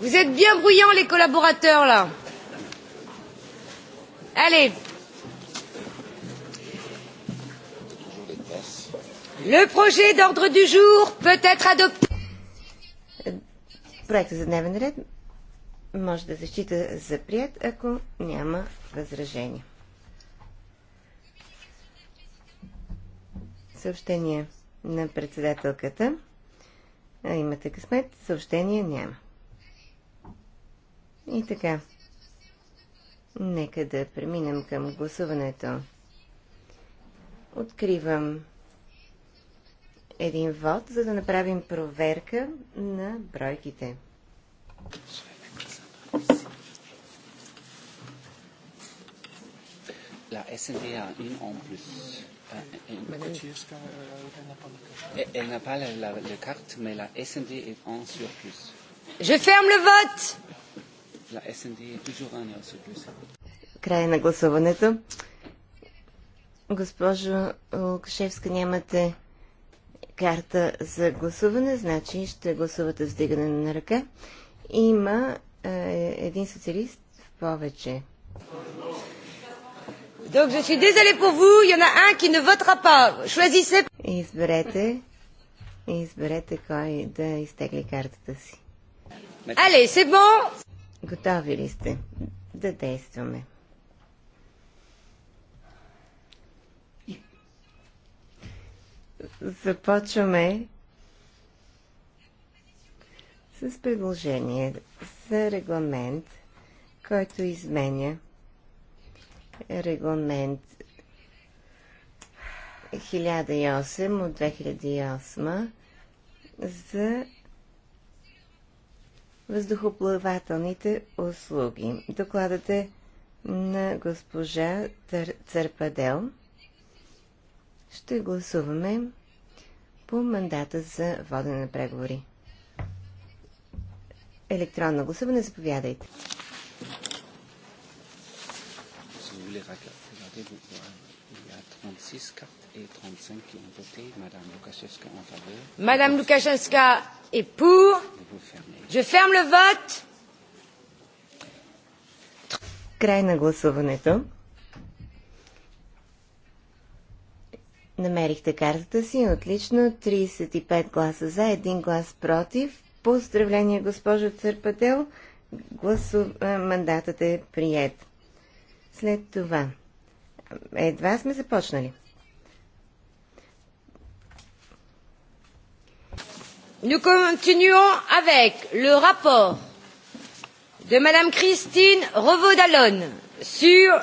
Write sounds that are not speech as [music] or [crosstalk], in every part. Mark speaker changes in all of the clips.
Speaker 1: Vous êtes bien bruyants, les collaborateurs, là. Allez.
Speaker 2: Le projet d'ordre du jour
Speaker 1: peut être adopté.
Speaker 3: Проектът за дневен ред може да защита за прият, ако няма възражение. Съобщение на председателката. А имате късмет, съобщение няма. И така. Нека да преминем към гласуването. Откривам един вод, за да направим проверка на бройките. La SND une en plus.
Speaker 4: Ah, eh, eh, eh. Euh, elle n'a pas la, la, la carte, mais la SND est en surplus.
Speaker 1: Je ferme
Speaker 3: le vote. Край на гласуването. Госпожо Лукашевска, нямате карта за гласуване, значи ще гласувате с дигане на ръка. Има е, един социалист в повече.
Speaker 2: Donc je suis désolée pour vous, il y en
Speaker 3: a un qui ne votera pas. Choisissez. Изберете, изберете кой да изтегли картата си.
Speaker 1: Allez, c'est bon.
Speaker 3: Готови ли сте да действаме? Започваме с предложение за регламент, който изменя регламент 1008 от 2008 за въздухоплавателните услуги. Докладът е на госпожа Църпадел. Ще гласуваме по мандата за водене на преговори. Електронно гласуване, заповядайте.
Speaker 5: Si 36
Speaker 1: Madame Lukaszewska est pour. Je ferme le vote.
Speaker 3: Край на гласуването. Намерихте картата си. Отлично. 35 гласа за, 1 глас против. Поздравление, госпожо Църпател. Гласу... Мандатът е прият. След това. Едва сме започнали.
Speaker 1: Nous continuons avec le rapport de mme Christine Revaud-Dallon sur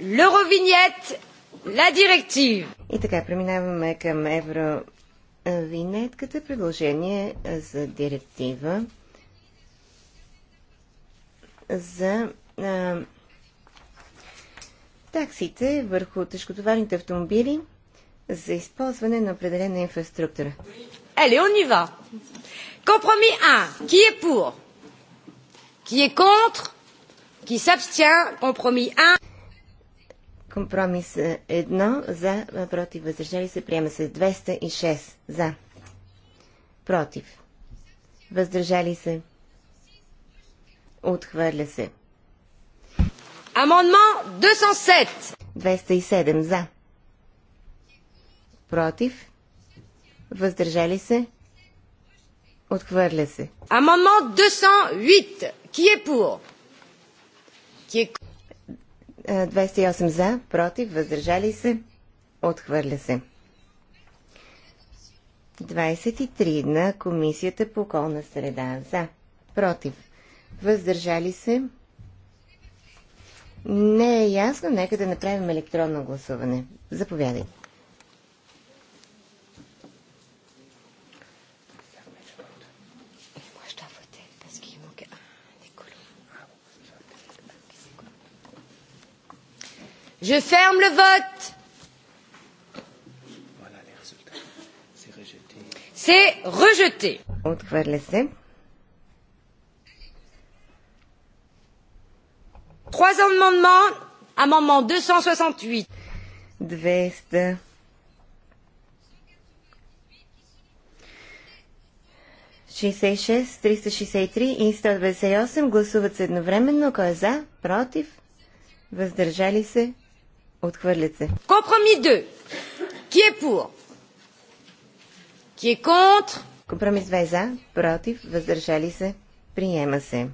Speaker 1: l'Eurovignette, la
Speaker 3: directive. И така преминаваме към Евровинетката, предложение за директива за а, таксите върху тежкотоварните автомобили за използване на определена инфраструктура.
Speaker 1: Allez, on y va. Compromis 1. Qui est pour Qui est contre Qui s'abstient Compromis 1.
Speaker 3: Компромис 1 за, против, въздържали се, приема се 206 за, против, въздържали се, отхвърля се.
Speaker 1: Амонмон 207.
Speaker 3: 207 за, против, Въздържали се? Отхвърля се.
Speaker 1: Амамент 208. Ки е пур?
Speaker 3: 28 е е, за, против, въздържали се, отхвърля се. 23 на Комисията по околна среда. За, против, въздържали се. Не е ясно, нека да направим електронно гласуване. Заповядайте.
Speaker 1: Je ferme le vote. C'est rejeté.
Speaker 3: Отхвърля се.
Speaker 1: Trois amendements. Amendement 268.
Speaker 3: 200. 66, 363 и 198 гласуват се едновременно. Кой е за? Против? Въздържали се? Отхвърлят се.
Speaker 1: Компромис 2.
Speaker 3: Ки е пур? Ки е контр? Компромис 2 за, против, въздържали се, приема се.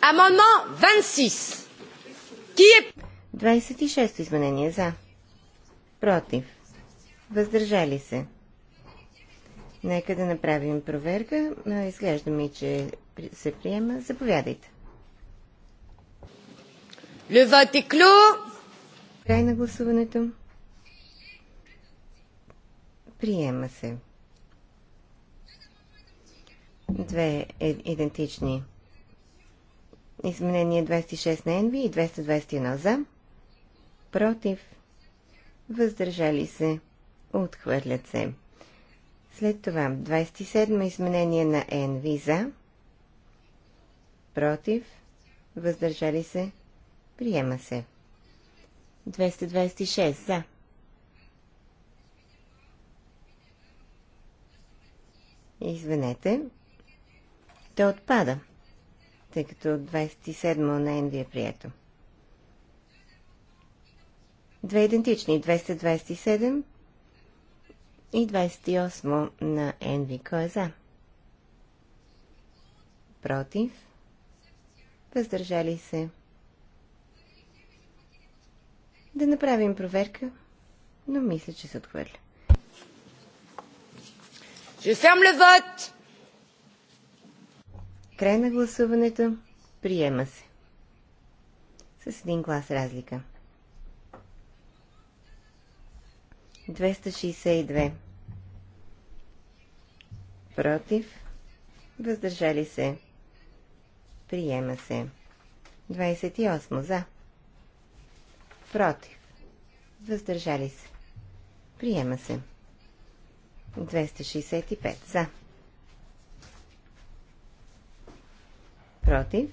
Speaker 1: Амонмент 26. Ки е...
Speaker 3: 26 изменение за. Против. Въздържали се. Нека да направим проверка. Изглежда ми, че се приема. Заповядайте. Le vote est clos. Край на гласуването. Приема се. Две е идентични изменение 26 на НВ и 221 за, против, въздържали се, отхвърлят се. След това 27 изменение на НВ за, против, въздържали се, Приема се. 226 за. Извинете. То отпада, тъй като 27 на Енви е прието. Две идентични, 227 и 28 на Енви. Кой е за? Против? Въздържали се? Да направим проверка, но мисля, че се отхвърля. Ще съм левът! Край на гласуването. Приема се. С един глас разлика. 262. Против. Въздържали се. Приема се. 28. За против, въздържали се. Приема се. 265 за. Против.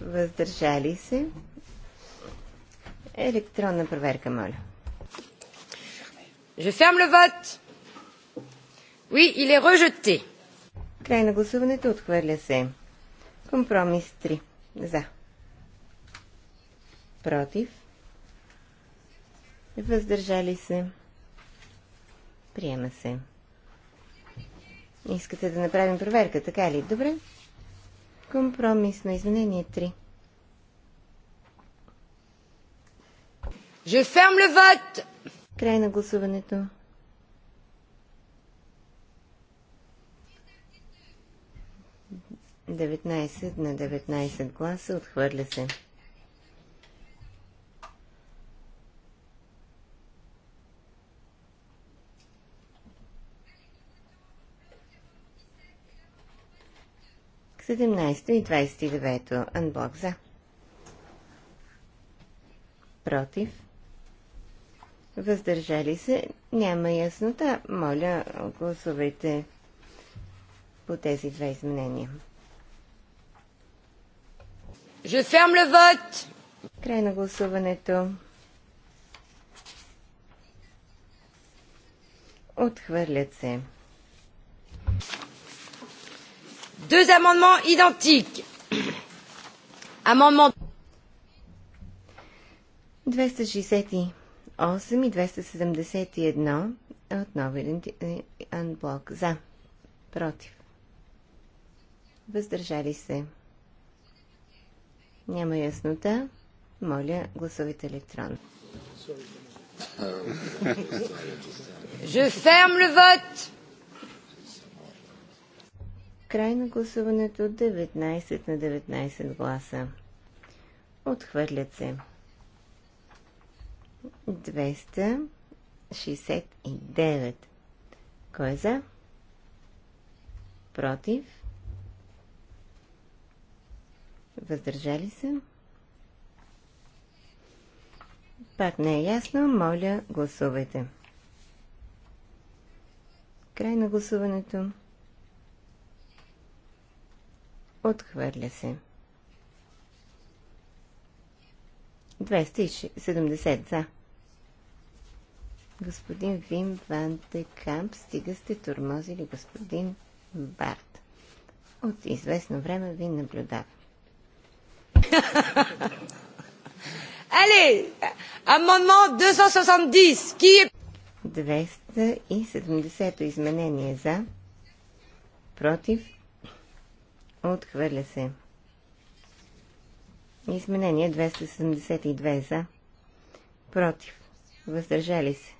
Speaker 3: Въздържали се. Електронна проверка, моля. Je ferme le vote. Oui, il est rejeté. Край на гласуването отхвърля се. Компромис 3. За. Против. Въздържали се. Приема се. Искате да направим проверка, така ли? Добре. Компромис на изменение 3. Je ferme le vote. Край на гласуването. 19 на 19 гласа. Отхвърля се. 17 и 29 анблок за. Против. Въздържали се. Няма яснота. Моля, гласувайте по тези две изменения. Je ferme le vote. Край на гласуването. Отхвърлят се. Deux
Speaker 1: amendements identiques. Amendement
Speaker 3: 268 и 271 отново е, е, анблок за. Против. Въздържали се. Няма яснота. Моля, гласувайте електронно. Je ferme le vote. Край на гласуването 19 на 19 гласа. Отхвърлят се. 269. Кой е за? Против? Въздържали се? Пак не е ясно. Моля, гласувайте. Край на гласуването. Отхвърля се. 270 за. Господин Вим Ван де Камп, стига сте тормозили господин Барт. От известно време ви наблюдава. [laughs]
Speaker 1: Allez, amendement 270. Qui
Speaker 3: 270-то изменение за. Против. Отхвърля се. Изменение 272 за. Против. Въздържали се.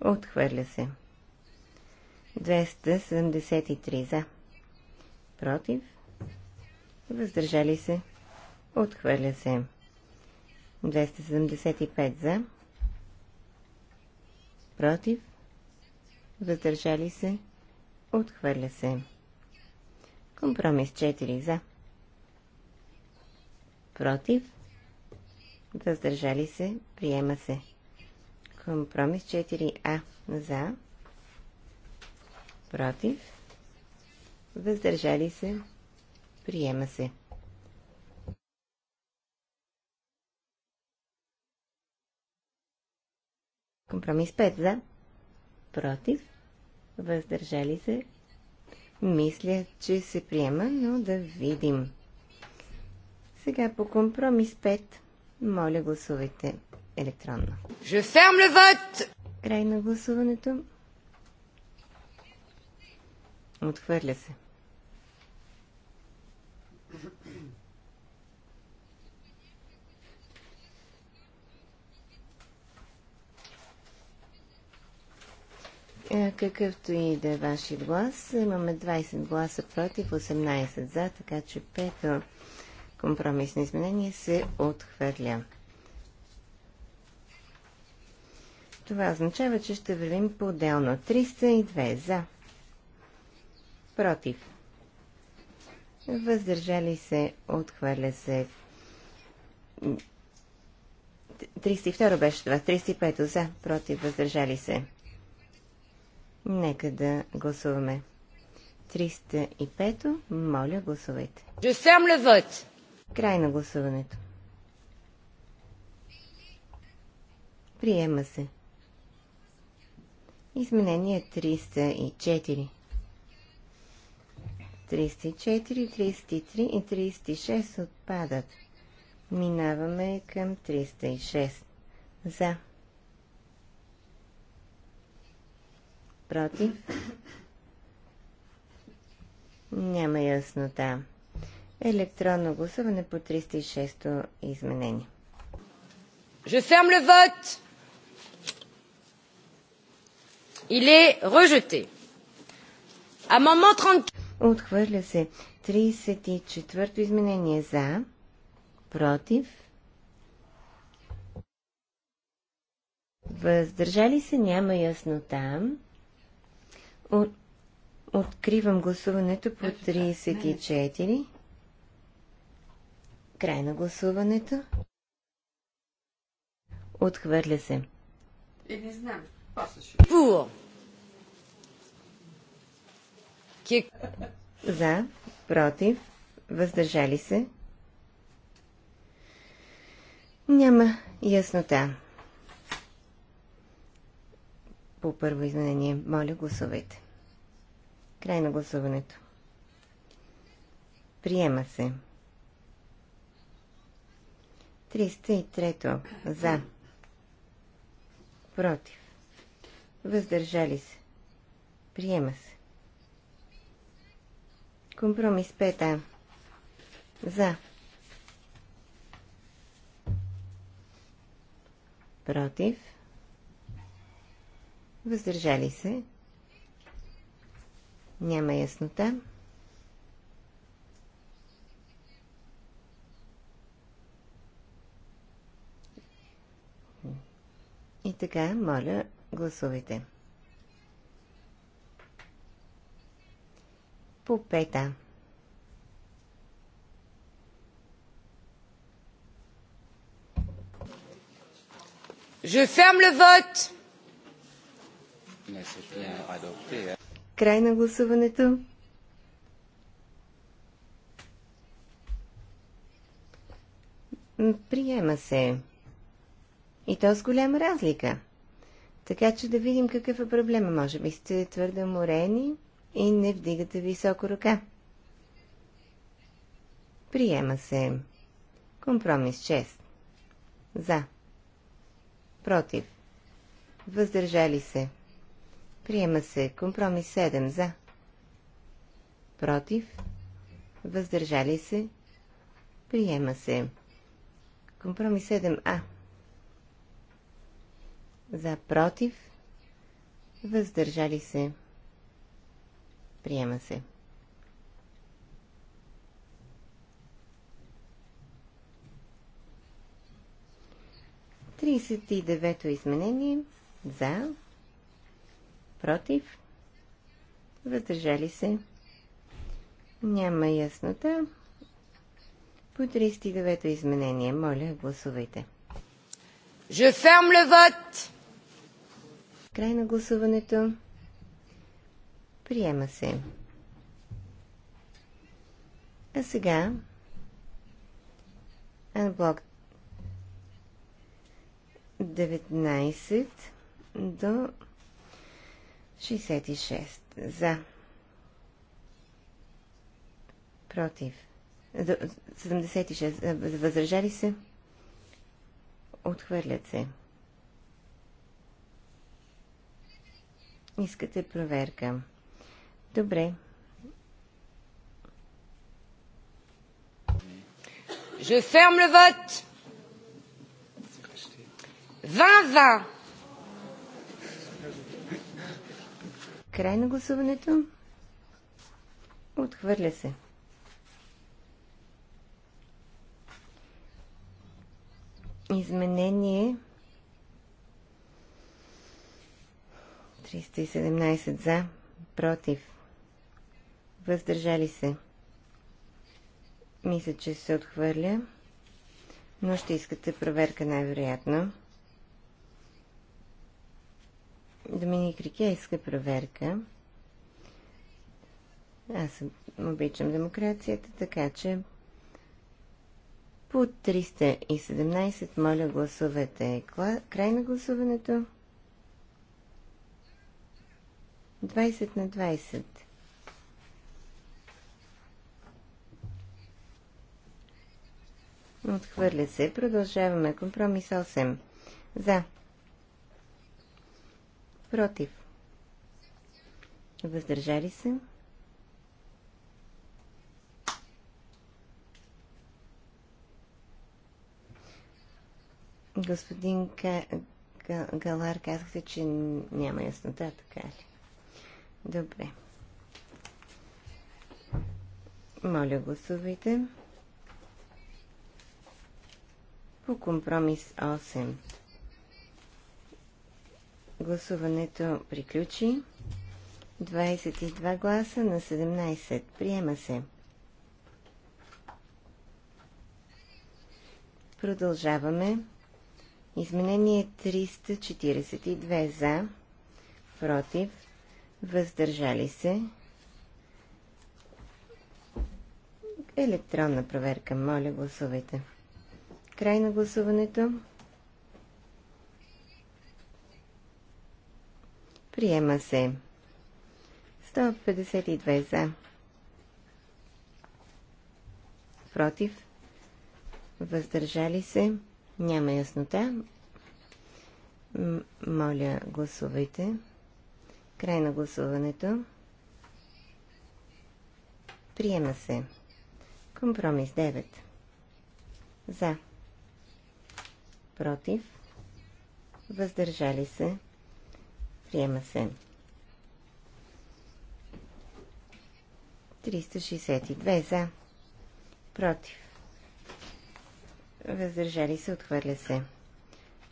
Speaker 3: Отхвърля се. 273 за. Против. Въздържали се. Отхвърля се. 275 за. Против. Въздържали се. Отхвърля се. Компромис 4 за. Против. Въздържали се. Приема се. Компромис 4а за. Против. Въздържали се. Приема се. Компромис 5 за. Против. Въздържали се. Мисля, че се приема, но да видим. Сега по компромис 5. Моля, гласувайте електронно. Край на гласуването. Отхвърля се. Е, какъвто и да е вашия глас, имаме 20 гласа против, 18 за, така че пето компромисно изменение се отхвърля. Това означава, че ще вървим по-отделно. 302 за. Против. Въздържали се, отхвърля се. 302 беше това. 305 за. Против. Въздържали се. Нека да гласуваме. 305. Моля, гласувайте. Край на гласуването. Приема се. Изменение 304. 304, 33 и 36 отпадат. Минаваме към 306. За. изпрати. Няма яснота. Електронно гласуване по 306-то изменение.
Speaker 1: Je ferme le vote. Il est rejeté.
Speaker 3: Amendement 30. Отхвърля се 34-то изменение за, против, въздържали се няма яснота. От, откривам гласуването по 34. Край на гласуването. Отхвърля се. И е, не знам. Пуло. Кик. За, против, въздържали се. Няма яснота. По първо изменение, моля, гласувайте. Край на гласуването. Приема се. 303. За. Против. Въздържали се. Приема се. Компромис 5А. За. Против. Въздържали се. Няма яснота. И така, моля, гласувайте. По пета. Je ferme le vote.
Speaker 2: Mais c'est bien adopté. Hein.
Speaker 3: Край на гласуването. Приема се. И то с голяма разлика. Така че да видим какъв е проблема. Може би сте твърде морени и не вдигате високо ръка. Приема се. Компромис 6. За. Против. Въздържали се. Приема се компромис 7 за. Против. Въздържали се. Приема се. Компромис 7а. За против. Въздържали се. Приема се. Тридесет и девето изменение. За против, въздържали се. Няма яснота. По 39-то изменение, моля, гласувайте. Je ferme le vote. Край на гласуването. Приема се. А сега анблок 19 до 66. За. Против. 76. Е, Възражали се? Отхвърлят се. Искате проверка. Добре.
Speaker 1: Je ferme le vote.
Speaker 3: 20-20. Край на гласуването. Отхвърля се. Изменение 317 за, против, въздържали се. Мисля, че се отхвърля, но ще искате проверка най-вероятно. Доминик Рике иска проверка. Аз обичам демокрацията, така че по 317 моля гласувате. Край на гласуването. 20 на 20. Отхвърля се. Продължаваме. Компромис 8. За против, въздържали се. Господин Ка... Галар, казахте, че няма яснота, така е ли? Добре. Моля, гласувайте. По компромис 8. Гласуването приключи. 22 гласа на 17. Приема се. Продължаваме. Изменение 342 за, против, въздържали се. Електронна проверка. Моля, гласувайте. Край на гласуването. Приема се. 152 за. Против. Въздържали се. Няма яснота. Моля, гласувайте. Край на гласуването. Приема се. Компромис 9. За. Против. Въздържали се. Приема се. 362 за. Против. Въздържали се. Отхвърля се.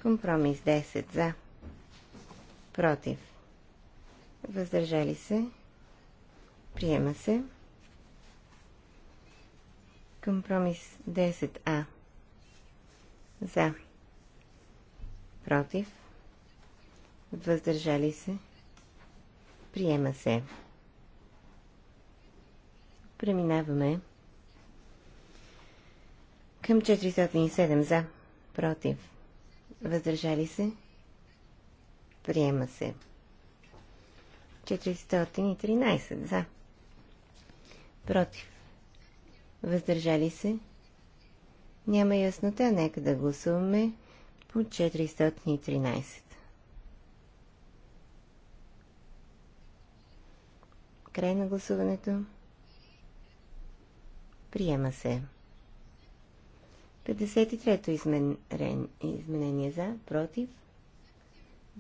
Speaker 3: Компромис 10 за. Против. Въздържали се. Приема се. Компромис 10а. За. Против въздържали се, приема се. Преминаваме към 407 за, против, въздържали се, приема се. 413 за, против, въздържали се, няма яснота, нека да гласуваме по 413. Край на гласуването. Приема се. 53-то измен... изменение за, против,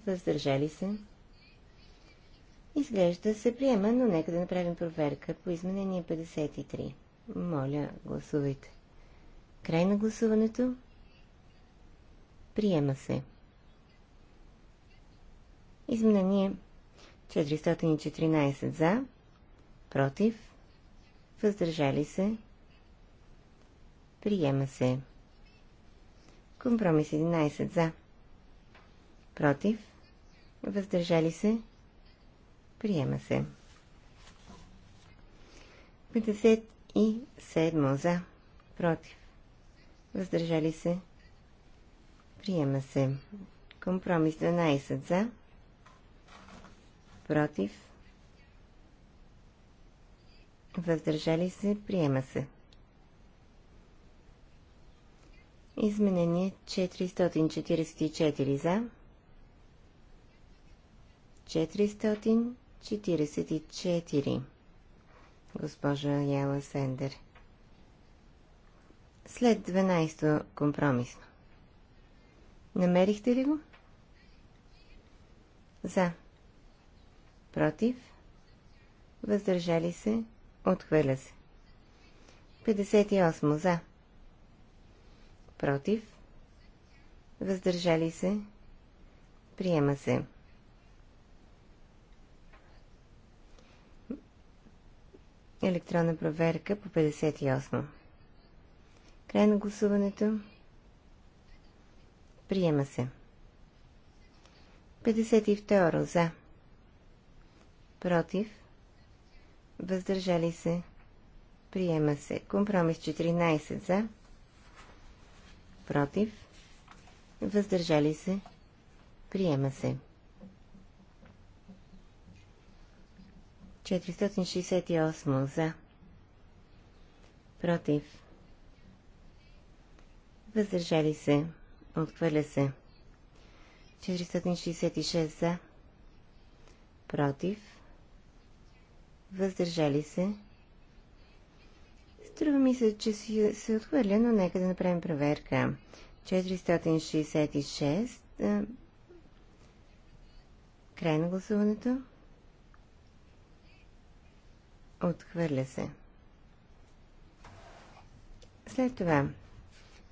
Speaker 3: въздържали се. Изглежда се приема, но нека да направим проверка по изменение 53. Моля, гласувайте. Край на гласуването. Приема се. Изменение 414 за, против, въздържали се, приема се. Компромис 11 за, против, въздържали се, приема се. 57 за, против, въздържали се, приема се. Компромис 12 за, против, въздържали се, приема се. Изменение 444 за. 444. Госпожа Яла Сендер. След 12-то компромисно. Намерихте ли го? За. Против. Въздържали се. Отхвърля се. 58 за. Против. Въздържали се. Приема се. Електронна проверка по 58. Край на гласуването. Приема се. 52 за. Против въздържали се, приема се. Компромис 14 за, против, въздържали се, приема се. 468 за, против, въздържали се, отхвърля се. 466 за, против, въздържали се. Струва ми се, че си, се отхвърля, но нека да направим проверка. 466. край на гласуването. Отхвърля се. След това,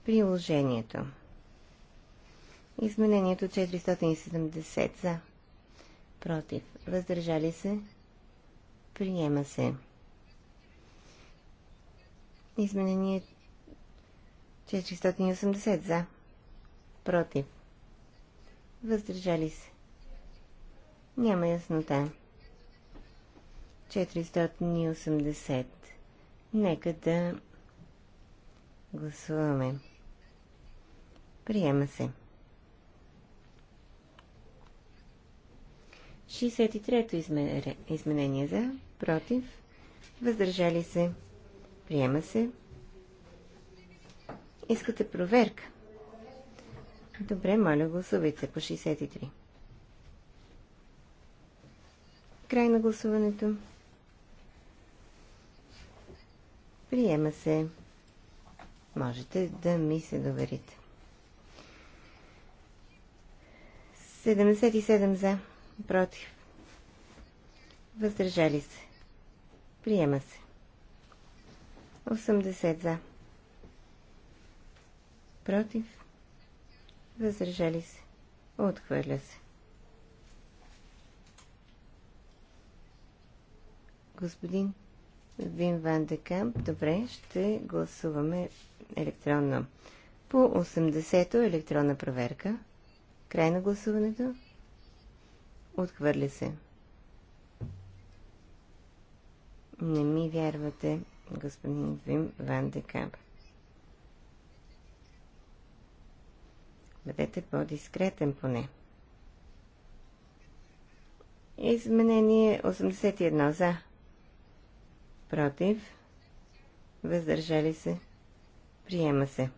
Speaker 3: приложението. Изменението 470 за. Против. Въздържали се. Приема се. Изменение 480 за. Против. Въздържали се. Няма яснота. 480. Нека да гласуваме. Приема се. 63-то изменение за против, въздържали се, приема се. Искате проверка? Добре, моля, гласувайте по 63. Край на гласуването. Приема се. Можете да ми се доверите. 77 за, против. Въздържали се. Приема се. 80 за. Против. възражали се. Отхвърля се. Господин Вин Ван Декамп, добре, ще гласуваме електронно. По 80-то електронна проверка. Край на гласуването. Отхвърля се. Не ми вярвате, господин Вим Ван Декаб. Бъдете по-дискретен поне. Изменение 81 за. Против. Въздържали се. Приема се.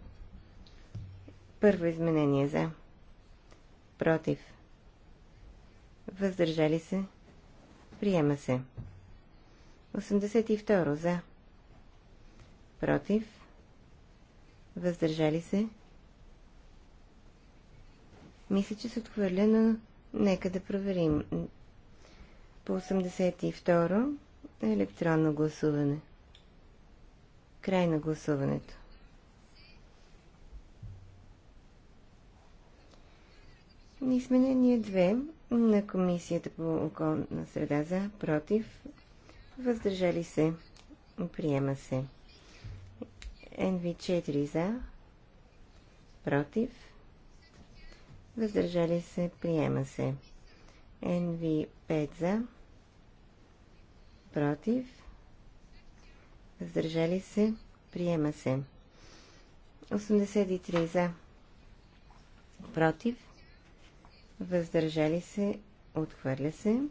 Speaker 3: Първо изменение за. Против. Въздържали се. Приема се. 82 за. Против. Въздържали се. Мисля, че се отхвърля, но нека да проверим. По 82 електронно гласуване. Край на гласуването. Нисменение 2 на Комисията по околна среда за, против, въздържали се, приема се. NV4 за, против, въздържали се, приема се. NV5 за, против, въздържали се, приема се. 83 за, против, въздържали се, отхвърля се.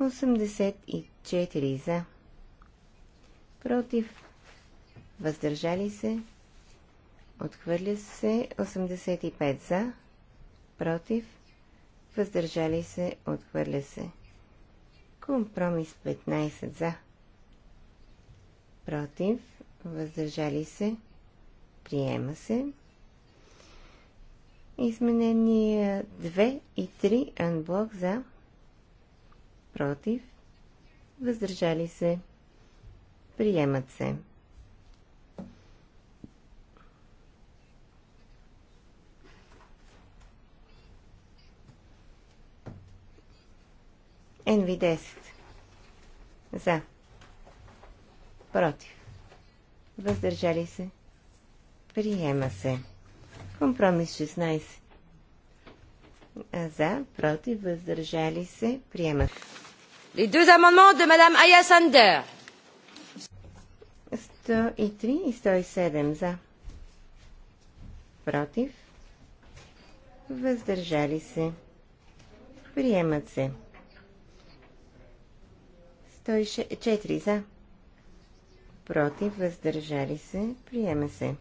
Speaker 3: 84 за. Против. Въздържали се. Отхвърля се 85 за. Против. Въздържали се. Отхвърля се. Компромис 15 за. Против. Въздържали се. Приема се. Изменения 2 и 3 анблок за против, въздържали се, приемат се. нв 10 за против въздържали се приема се компромис 16 за, против, въздържали се, приемат.
Speaker 1: Les deux de Madame Aya Sander.
Speaker 3: 103 и 107 за. Против. Въздържали се. Приемат се. 104 за. Против. Въздържали се. Приема се.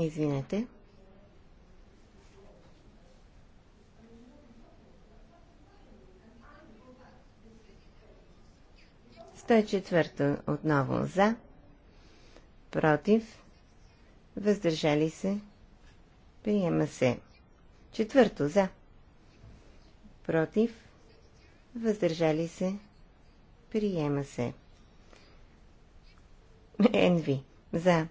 Speaker 3: Извинете. Сто четвърто отново за, против, въздържали се, приема се. Четвърто за, против, въздържали се, приема се. Енви за,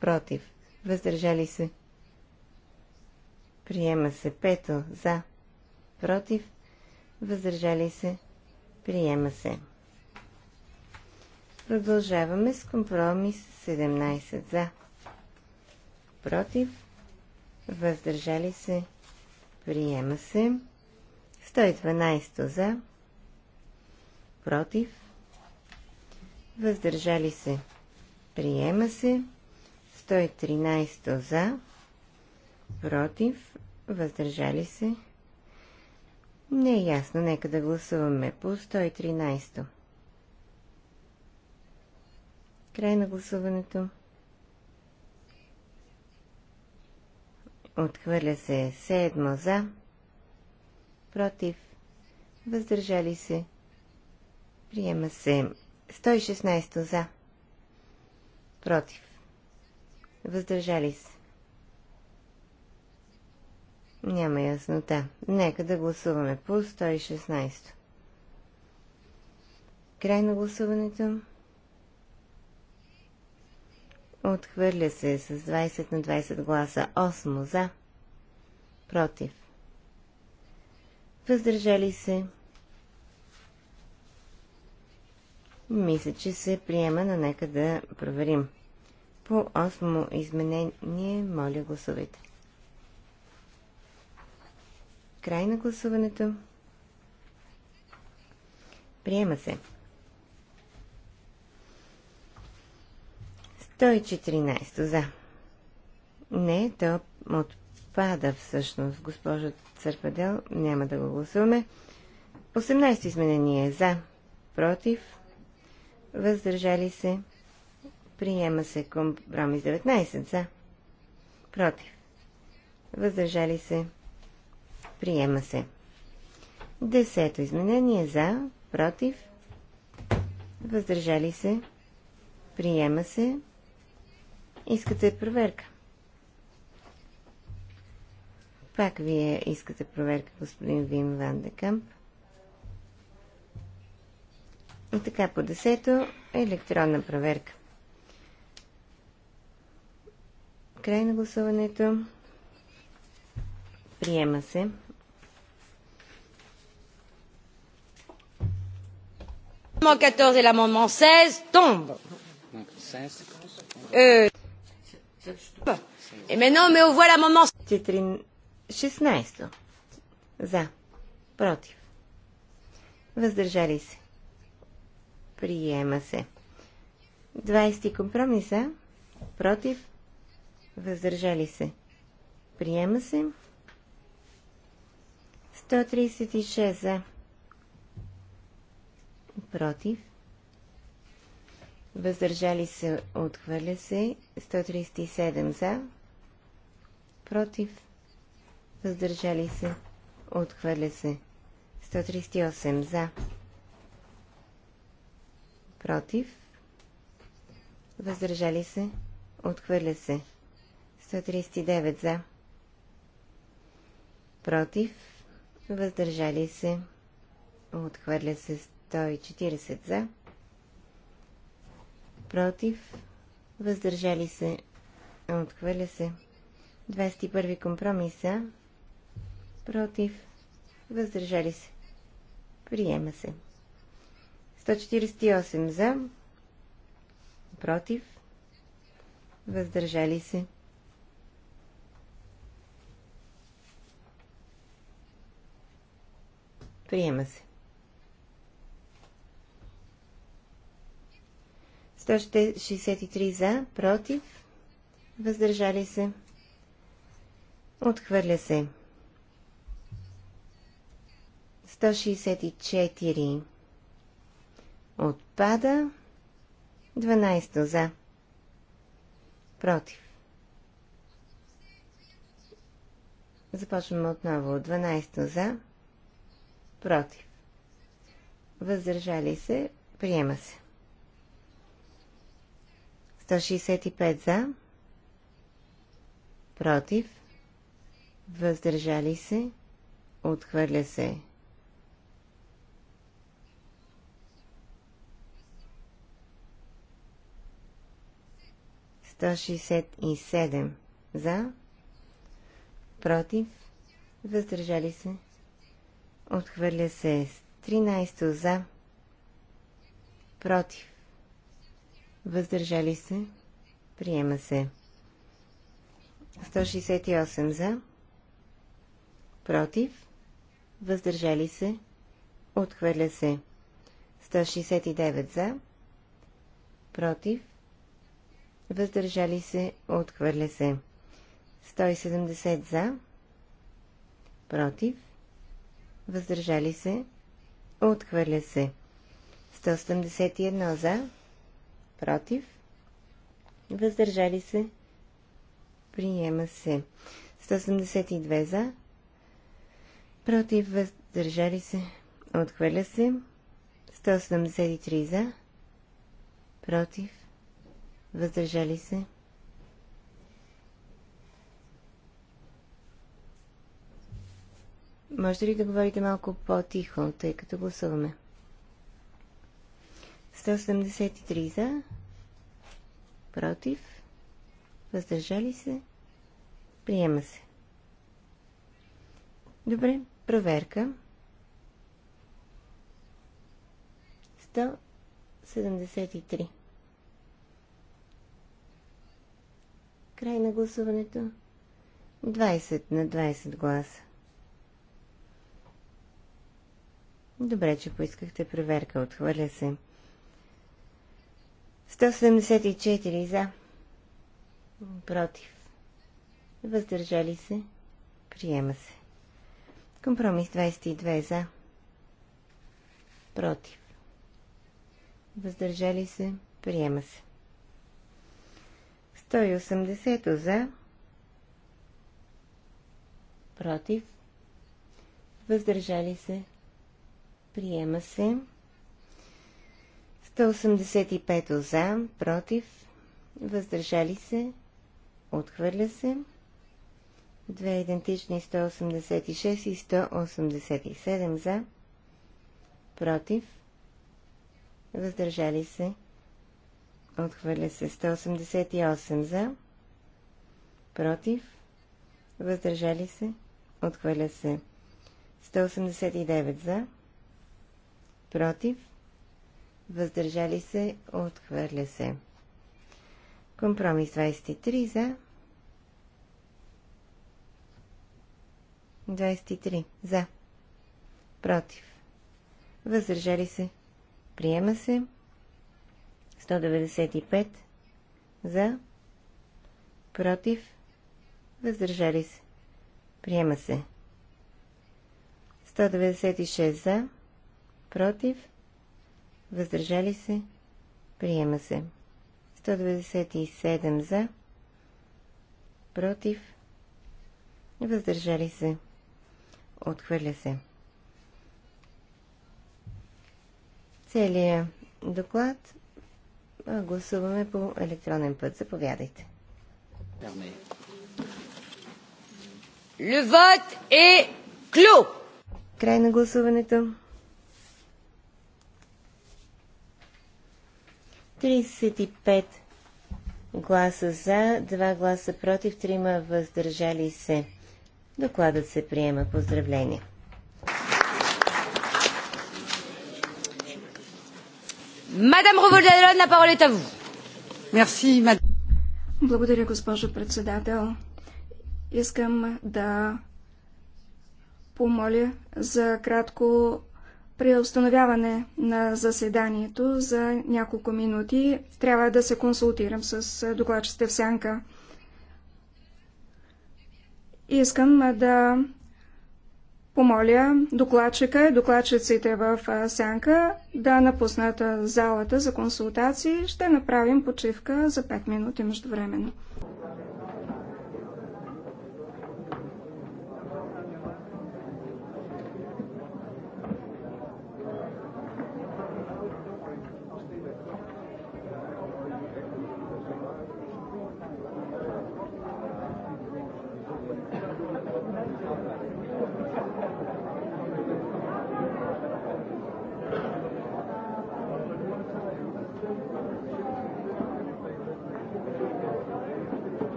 Speaker 3: против, въздържали се. Приема се пето за, против, въздържали се, приема се. Продължаваме с компромис 17 за, против, въздържали се, приема се. 112 за, против, въздържали се, приема се. 113 за, против, въздържали се. Не е ясно, нека да гласуваме по 113. Край на гласуването. Отхвърля се 7 за, против, въздържали се. Приема се 116 за, против Въздържали се. Няма яснота. Нека да гласуваме по 116. Край на гласуването. Отхвърля се с 20 на 20 гласа 8 за. Против. Въздържали се. Мисля, че се приема, но нека да проверим. По осмо изменение, моля гласовете. Край на гласуването. Приема се. 114 за. Не, то отпада всъщност, госпожа Църпадел. Няма да го гласуваме. 18 изменение за. Против. Въздържали се. Приема се компромис 19 за. Против. Въздържали се. Приема се. Десето изменение за. Против. Въздържали се. Приема се. Искате проверка. Пак вие искате проверка, господин Вим Ван Декамп. И така по десето електронна проверка. Край на гласуването. Приема се.
Speaker 1: L'amendement 14 и l'amendement 16 tombent.
Speaker 2: Euh, et
Speaker 3: maintenant, on met 16. За. Против. Въздържали се. Приема се. 20 компромиса. Против въздържали се. Приема се. 136 за. Против. Въздържали се. Отхвърля се. 137 за. Против. Въздържали се. Отхвърля се. 138 за. Против. Въздържали се. Отхвърля се. 139 за. Против. Въздържали се. Отхвърля се 140 за. Против. Въздържали се. Отхвърля се. 21 компромиса. Против. Въздържали се. Приема се. 148 за. Против. Въздържали се. Приема се. 163 за, против, въздържали се, отхвърля се. 164 отпада, 12 за, против. Започваме отново от 12 за, против, въздържали се, приема се. 165 за, против, въздържали се, отхвърля се. 167 за, против, въздържали се, Отхвърля се 13 за. Против. Въздържали се. Приема се. 168 за. Против. Въздържали се. Отхвърля се. 169 за. Против. Въздържали се. Отхвърля се. 170 за. Против въздържали се, отхвърля се. 181 за, против, въздържали се, приема се. 182 за, против, въздържали се, отхвърля се. 183 за, против, въздържали се, Може ли да говорите малко по-тихо, тъй като гласуваме? 183 за, против, въздържали се, приема се. Добре, проверка. 173. Край на гласуването. 20 на 20 гласа. Добре, че поискахте проверка. Отхвърля се. 174 за. Против. Въздържали се. Приема се. Компромис 22 за. Против. Въздържали се. Приема се. 180 за. Против. Въздържали се. Приема се. 185 за, против, въздържали се, отхвърля се. Две идентични 186 и 187 за, против, въздържали се, отхвърля се 188 за, против, въздържали се, отхвърля се 189 за, против, въздържали се, отхвърля се. Компромис 23 за 23 за против, въздържали се, приема се. 195 за против, въздържали се, приема се. 196 за против, въздържали се, приема се. 197 за, против, въздържали се, отхвърля се. Целият доклад гласуваме по електронен път. Заповядайте. Le е Клю. Край на гласуването. 35 гласа за, 2 гласа против, 3 въздържали се. Докладът се приема. Поздравление. Мадам Роволяло, на паролите ву.
Speaker 6: Мерси,
Speaker 1: мадам. Благодаря,
Speaker 6: госпожо председател. Искам да помоля за кратко при установяване на заседанието за няколко минути трябва да се консултирам с е, докладчите в сянка. Искам е, да помоля докладчика и докладчиците в е, сянка да напуснат залата за консултации. Ще направим почивка за 5 минути междувременно.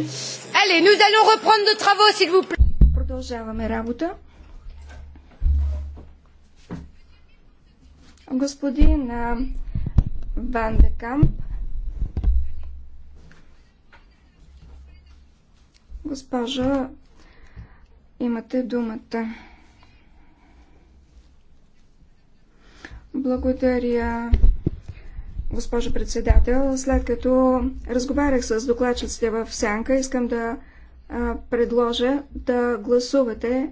Speaker 6: Allez, nous allons reprendre nos travaux, s'il vous plaît. Продължаваме работа. Господин Ван де Камп, госпожа, имате думата. Благодаря, госпожо председател. След като разговарях с докладчиците в Сянка, искам да предложа да гласувате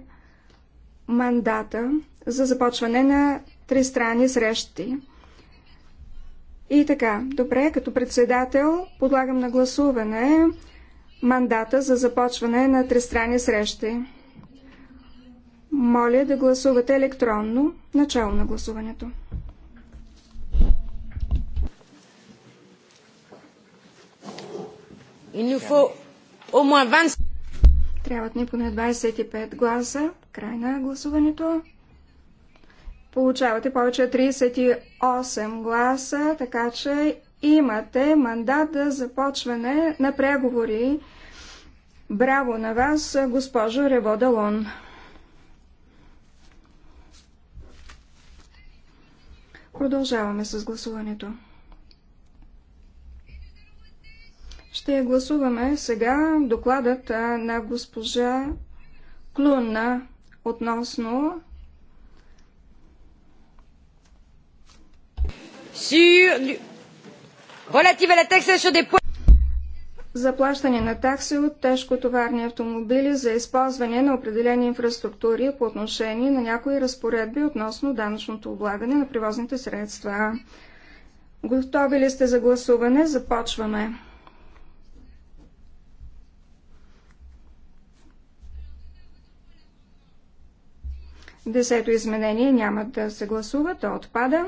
Speaker 6: мандата за започване на страни срещи. И така, добре, като председател подлагам на гласуване мандата за започване на тристрани срещи. Моля да гласувате електронно начало на гласуването. Il nous faut au moins 20... Трябват ни поне 25 гласа. Край на гласуването. Получавате повече 38 гласа, така че имате мандат за започване на преговори. Браво на вас, госпожо Реводалон. Продължаваме с гласуването. Ще гласуваме сега докладът на госпожа Клунна относно Заплащане на такси от тежкотоварни автомобили за използване на определени инфраструктури по отношение на някои разпоредби относно данъчното облагане на превозните средства. Готови ли сте за гласуване? Започваме. Десето изменение няма да се гласува, то отпада.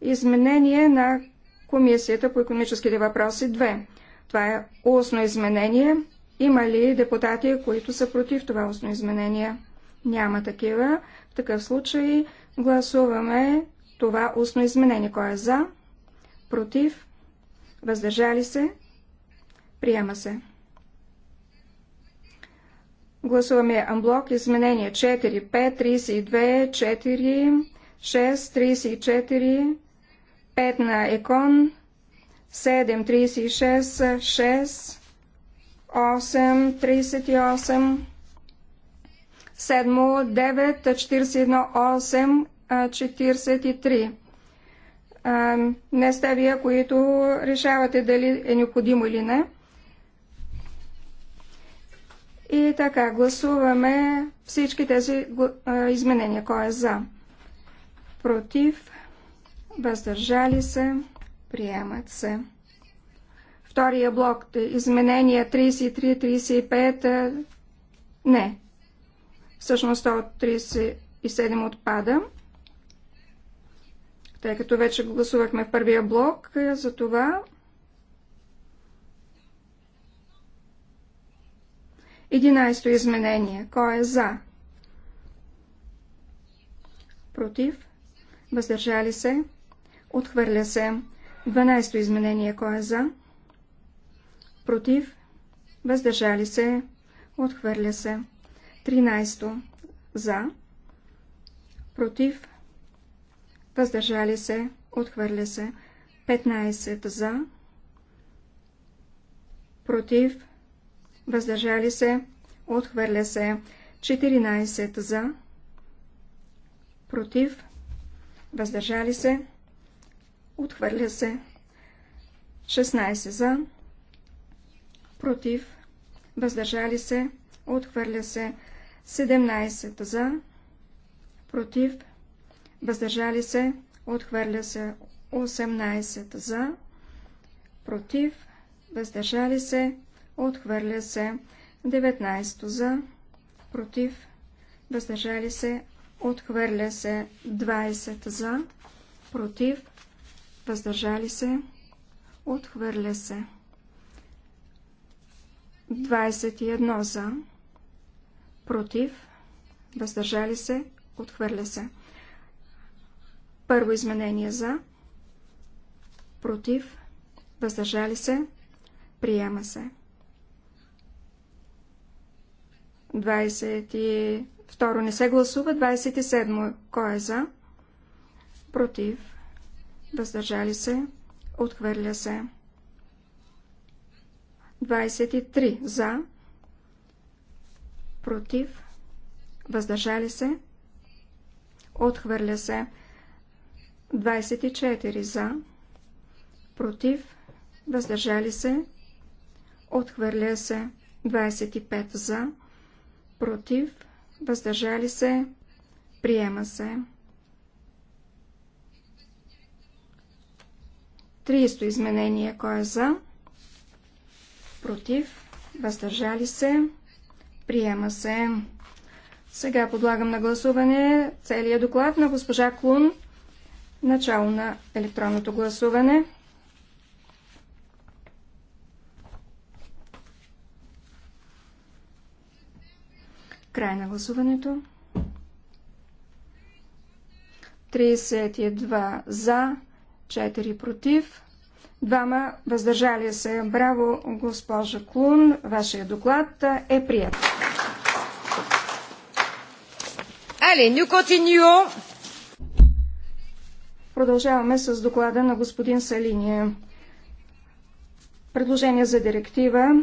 Speaker 6: Изменение на Комисията по економическите въпроси 2. Това е устно изменение. Има ли депутати, които са против това устно изменение? Няма такива. В такъв случай гласуваме това устно изменение. Кой е за? Против? Въздържали се? Приема се. Гласуваме амблок изменения 4, 5, 32, 4, 6, 34, 5 на Екон, 7, 36, 6, 8, 38, 7, 9, 41, 8, 43. Не сте вие, които решавате дали е необходимо или не. И така, гласуваме всички тези изменения. Кой е за? Против? Въздържали се? Приемат се. Втория блок. Е, изменения 33, 35. Е, не. Всъщност 137 отпада. Тъй като вече гласувахме в първия блок, е, за това 11-то изменение. Кой е за? Против? Въздържали се? Отхвърля се. 12-то изменение. Кой е за? Против? Въздържали се? Отхвърля се. 13-то. За? Против? Въздържали се? Отхвърля се. 15 за. Против? въздържали се, отхвърля се 14 за, против, въздържали се, отхвърля се 16 за, против, въздържали се, отхвърля се 17 за, против, въздържали се, отхвърля се 18 за, против, въздържали се, Отхвърля се. 19 за. Против. Въздържали се. Отхвърля се. 20 за. Против. Въздържали се. Отхвърля се. 21 за. Против. Въздържали се. Отхвърля се. Първо изменение за. Против. Въздържали се. Приема се. 22 не се гласува. 27 кой е за? Против. Въздържали се. Отхвърля се. 23 за. Против. Въздържали се. Отхвърля се. 24 за. Против. Въздържали се. Отхвърля се. 25 за против, въздържали се, приема се. 30 изменение, кой е за, против, въздържали се, приема се. Сега подлагам на гласуване целият доклад на госпожа Клун. Начало на електронното гласуване. Край на гласуването. 32 за, 4 против, двама въздържали се. Браво, госпожа Клун. Вашия доклад е прият. Але,
Speaker 1: nous
Speaker 6: Продължаваме с доклада на господин Салиния. Предложение за директива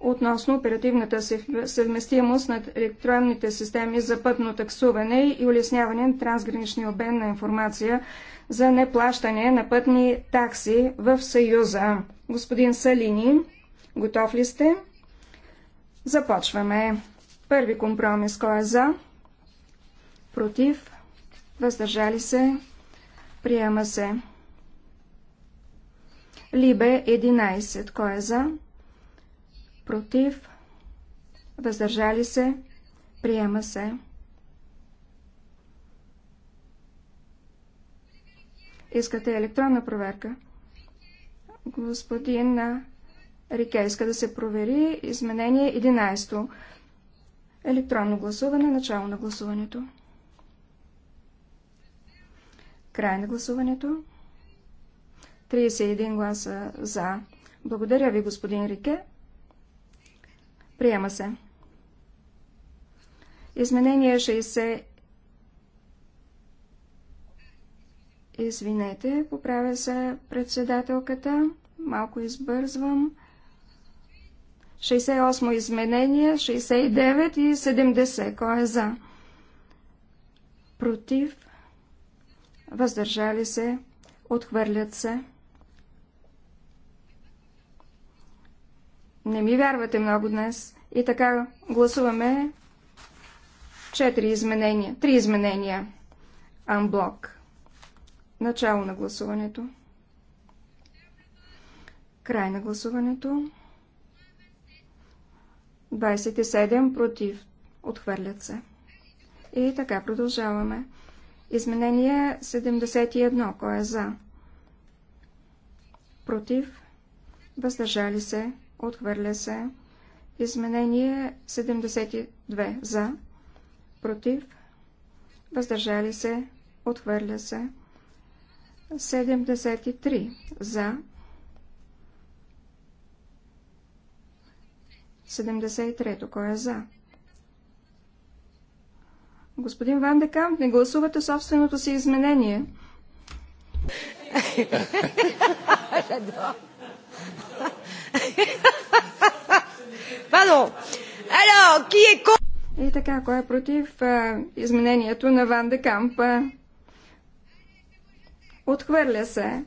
Speaker 6: относно оперативната съвместимост на електронните системи за пътно таксуване и улесняване на трансграничния обмен на информация за неплащане на пътни такси в Съюза. Господин Салини, готов ли сте? Започваме. Първи компромис. Кой е за? Против? Въздържали се? Приема се. Либе 11. Кой е за? против, въздържали се, приема се. Искате електронна проверка? Господин Рике иска да се провери изменение 11. Електронно гласуване, начало на гласуването. Край на гласуването. 31 гласа за. Благодаря ви, господин Рике. Приема се. Изменение 60. Извинете, поправя се председателката. Малко избързвам. 68 изменение, 69 и 70. Кой е за? Против. Въздържали се. Отхвърлят се. Не ми вярвате много днес. И така гласуваме четири изменения, три изменения. Амблок. Начало на гласуването. Край на гласуването. 27 против. Отхвърлят се. И така продължаваме. Изменение 71. Кой е за? Против? Въздържали се? Отхвърля се. Изменение 72. За. Против. Въздържали се. Отхвърля се. 73. За. 73. Кой е за? Господин Ван Декам, не гласувате собственото си изменение. [laughs]
Speaker 1: [laughs]
Speaker 6: Пано! Ало, ки е ко... И така, кой е против а, изменението на Ван де Камп? отхвърля се.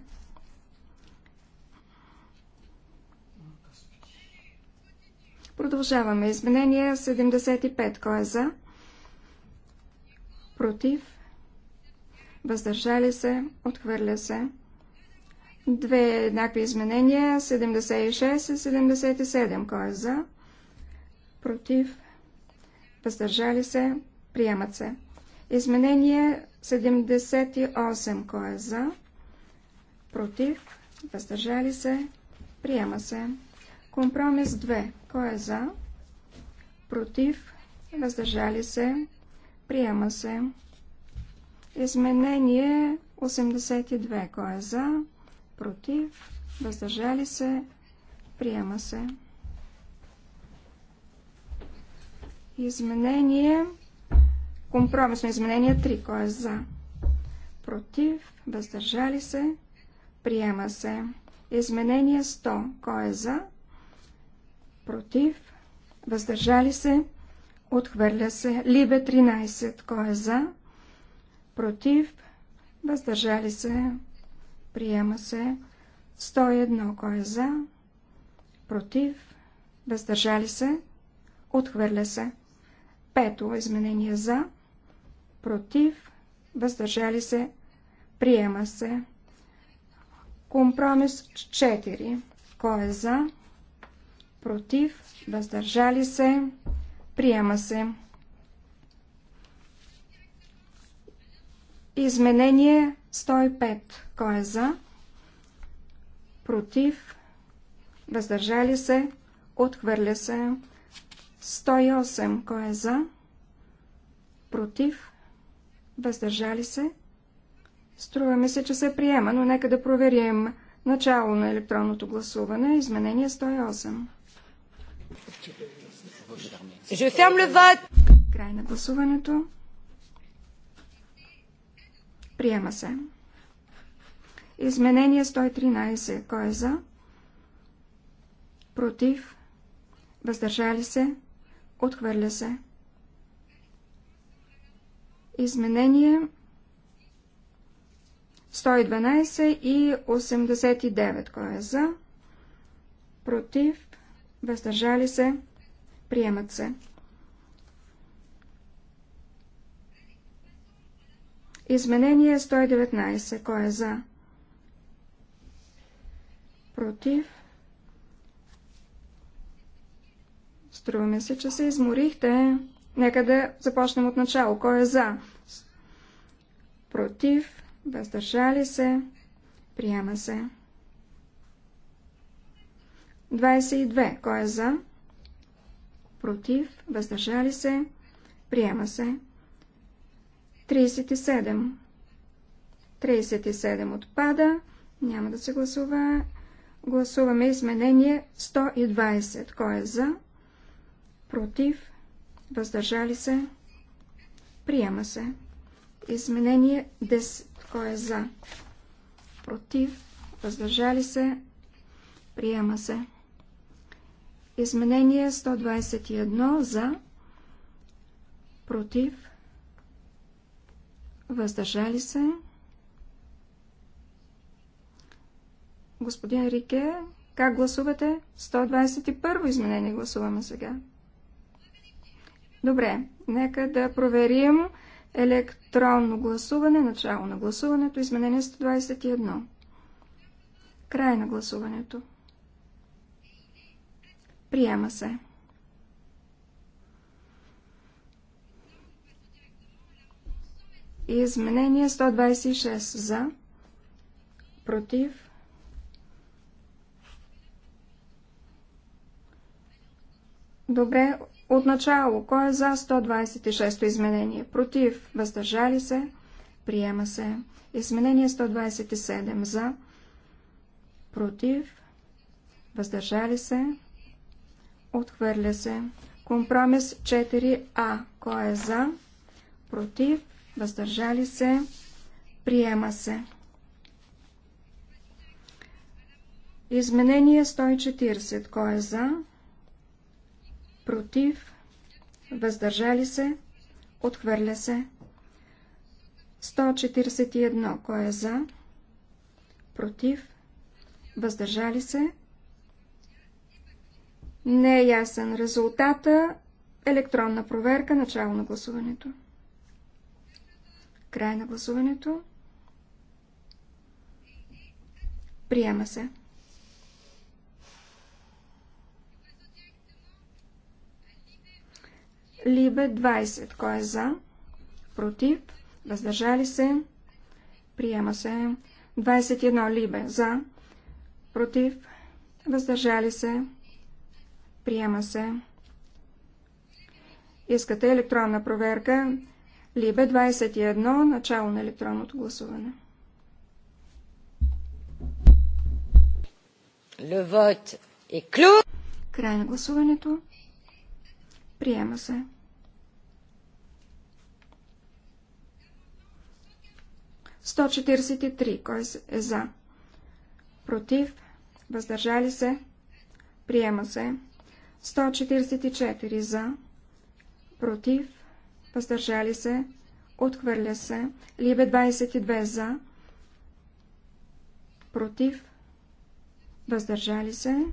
Speaker 6: Продължаваме. Изменение 75. Кой е за? Против? Въздържали се? Отхвърля се. Две еднакви изменения, 76 и 77. Кой е за? Против? Въздържали се? Приемат се. Изменение 78. Кой е за? Против? Въздържали се? Приема се. Компромис 2. Кой е за? Против? Въздържали се? Приема се. Изменение 82. Кой е за? против, въздържали се, приема се. Изменение, компромисно изменение 3, кой е за, против, въздържали се, приема се. Изменение 100, кой е за, против, въздържали се, отхвърля се. Либе 13, кой е за, против, въздържали се, Приема се 101. Кой е за? Против. Въздържали се. Отхвърля се. Пето изменение за. Против. Въздържали се. Приема се. Компромис 4. Кой е за? Против. Въздържали се. Приема се. Изменение 105. Кой е за? Против? Въздържали се? Отхвърля се. 108. Кой е за? Против? Въздържали се? Струва ми се, че се приема, но нека да проверим начало на електронното гласуване. Изменение 108. Je ferme le vote. Край на гласуването. Приема се. Изменение 113. Кой е за? Против. Въздържали се. Отхвърля се. Изменение 112 и 89. Кой е за? Против. Въздържали се. Приемат се. Изменение 119. Кой е за? Против. Струваме се, че се изморихте. Нека да започнем от начало. Кой е за? Против. Въздържали се. Приема се. 22. Кой е за? Против. Въздържали се. Приема се. 37. 37 отпада. Няма да се гласува. Гласуваме изменение 120. Кой е за? Против? Въздържали се? Приема се. Изменение 10. Кой е за? Против? Въздържали се? Приема се. Изменение 121 за, против, въздържали се. Господин Рике, как гласувате? 121 изменение гласуваме сега. Добре, нека да проверим електронно гласуване, начало на гласуването, изменение 121. Край на гласуването. Приема се. Изменение 126 за, против, Добре, отначало, кой е за 126-то изменение? Против, въздържали се, приема се. Изменение 127 за, против, въздържали се, отхвърля се. Компромис 4А, кой е за, против, въздържали се, приема се. Изменение 140. Кой е за? Против? Въздържали се? Отхвърля се. 141. Кой е за? Против? Въздържали се? Не е ясен резултата. Електронна проверка. Начало на гласуването. Край на гласуването. Приема се. Либе 20. Кой е за? Против? Въздържали се? Приема се. 21. Либе. За? Против? Въздържали се? Приема се. Искате електронна проверка Либе 21, начало на електронното гласуване. Le vote est clos. Край на гласуването. Приема се. Сто четиридесет три. Кой е за? Против? Въздържали се? Приема се. 144 за. Против? въздържали се, отхвърля се. Либе 22 за, против, въздържали се.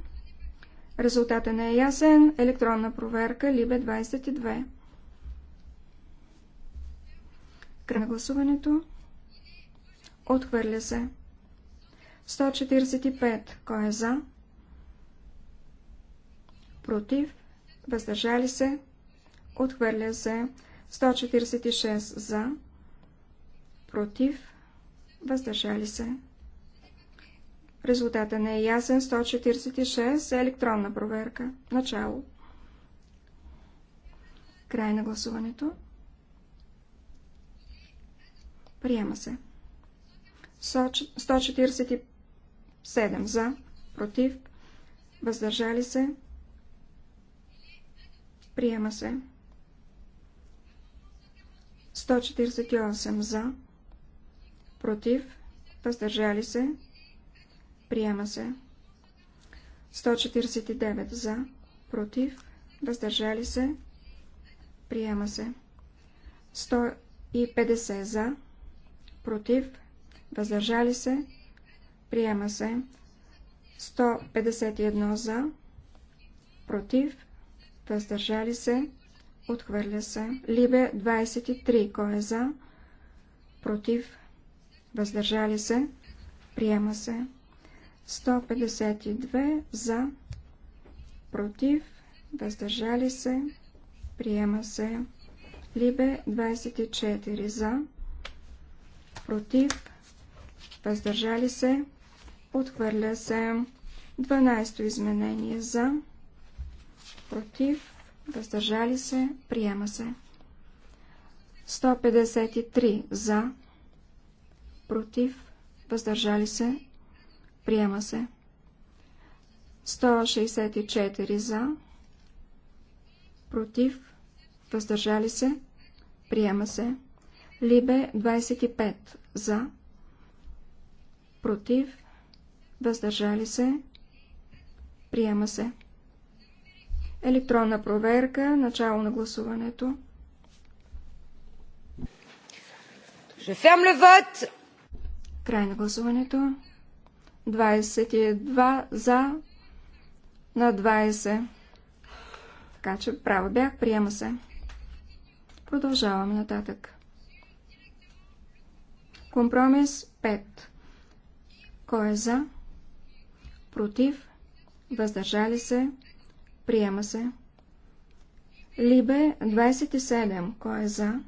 Speaker 6: Резултата не е ясен. Електронна проверка Либе 22. Край на гласуването. Отхвърля се. 145. Кой е за? Против. Въздържали се. Отхвърля се. 146 за, против, въздържали се. Резултата не е ясен. 146 за електронна проверка. Начало. Край на гласуването. Приема се. 147 за, против, въздържали се. Приема се. 148 за, против, въздържали се, приема се. 149 за, против, въздържали се, приема се. 150 за, против, въздържали се, приема се. 151 за, против, въздържали се, Отхвърля се. Либе 23. Кой е за? Против. Въздържали се. Приема се. 152 за. Против. Въздържали се. Приема се. Либе 24 за. Против. Въздържали се. Отхвърля се. 12 изменение за. Против въздържали се, приема се. 153 за, против, въздържали се, приема се. 164 за, против, въздържали се, приема се. Либе 25 за, против, въздържали се, приема се. Електронна проверка. Начало на гласуването. Je ferme le vote. Край на гласуването. 22 за на 20. Така че право бях, приема се. Продължаваме нататък. Компромис 5. Кой е за? Против? Въздържали се? Приема се. Либе 27. Кой е за?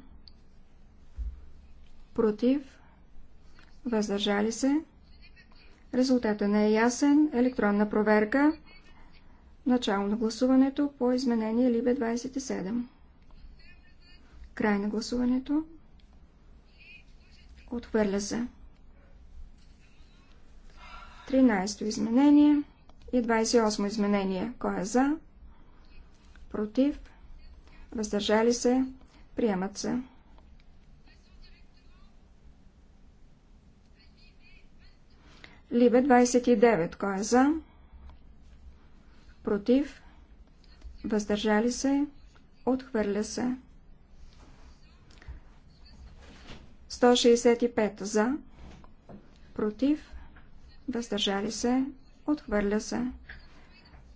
Speaker 6: Против. Въздържали се. Резултата не е ясен. Електронна проверка. Начало на гласуването по изменение Либе 27. Край на гласуването. Отхвърля се. 13 изменение и 28 изменение. Кой е за? против, въздържали се, приемат се. Либе 29. Кой е за? Против. Въздържали се. Отхвърля се. 165. За. Против. Въздържали се. Отхвърля се.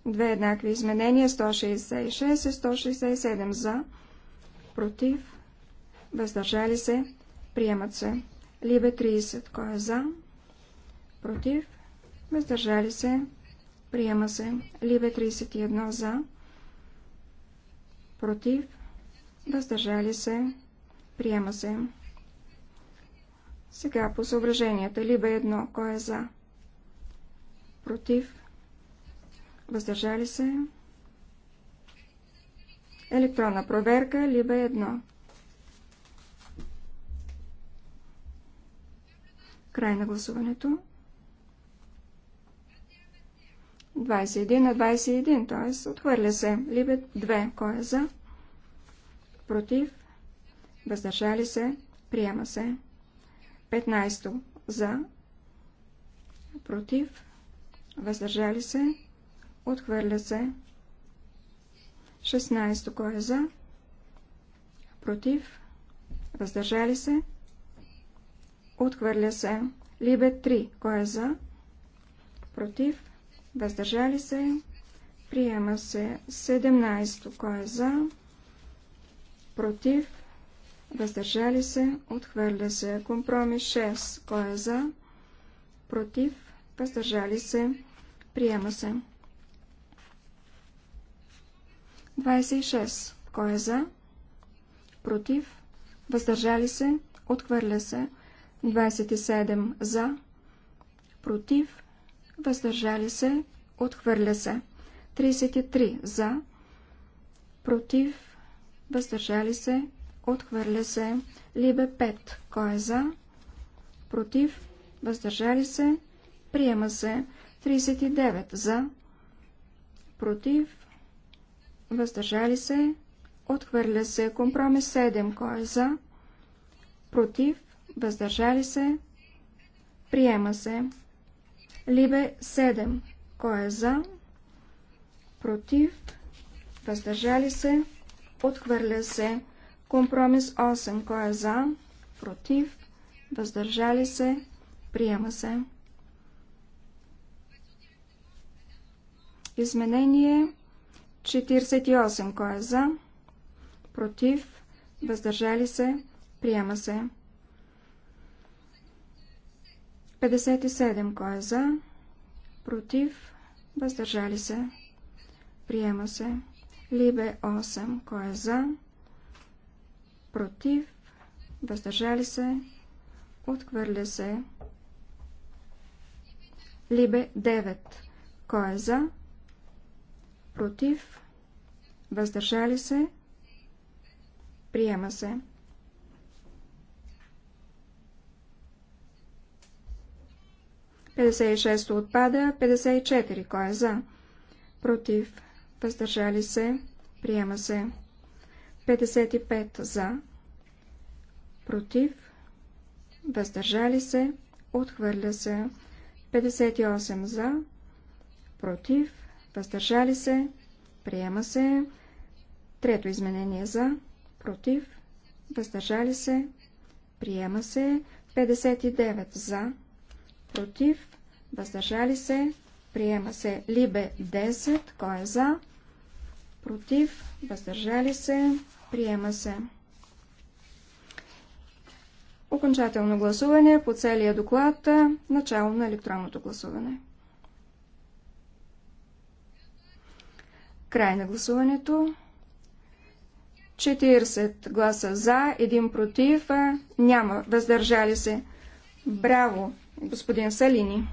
Speaker 6: Две еднакви изменения 166 и 167 за, против, въздържали се, приемат се. Либе 30, кой е за, против, въздържали се, приема се. Либе 31 за, против, въздържали се, приема се. Сега по съображенията, либе едно, кой е за, против, въздържали се. Електронна проверка, либо едно. Край на гласуването. 21 на 21, т.е. отхвърля се. Либе 2. Кой е за? Против? Въздържали се? Приема се. 15. За? Против? Въздържали се? Отхвърля се. 16. Кой е за? Против. Въздържали се. Отхвърля се. Либе 3. Кой е за? Против. Въздържали се. Приема се. 17. Кой е за? Против. Въздържали се. Отхвърля се. Компромис 6. Кой е за? Против. Въздържали се. Приема се. 26. Кой е за? Против. Въздържали се. Отхвърля се. 27. За. Против. Въздържали се. Отхвърля се. 33. За. Против. Въздържали се. Отхвърля се. Либе 5. Кой е за? Против. Въздържали се. Приема се. 39. За. Против въздържали се, отхвърля се. Компромис 7, кой е за, против, въздържали се, приема се. Либе 7, кой е за, против, въздържали се, отхвърля се. Компромис 8, кой е за, против, въздържали се, приема се. Изменение 48. Кой е за? Против? Въздържали се? Приема се. 57. Кой е за? Против? Въздържали се? Приема се. Либе 8. Кой е за? Против? Въздържали се? Отхвърля се. Либе 9. Кой е за? против, въздържали се, приема се. Петдесет и отпада, 54, кой е за? Против, въздържали се, приема се. 55 за, против, въздържали се, отхвърля се. 58 за, против, въздържали се, приема се. Трето изменение за, против, въздържали се, приема се. 59 за, против, въздържали се, приема се. Либе 10, кой е за, против, въздържали се, приема се. Окончателно гласуване по целия доклад, начало на електронното гласуване. Край на гласуването. 40 гласа за, 1 против, няма въздържали се. Браво, господин Салини.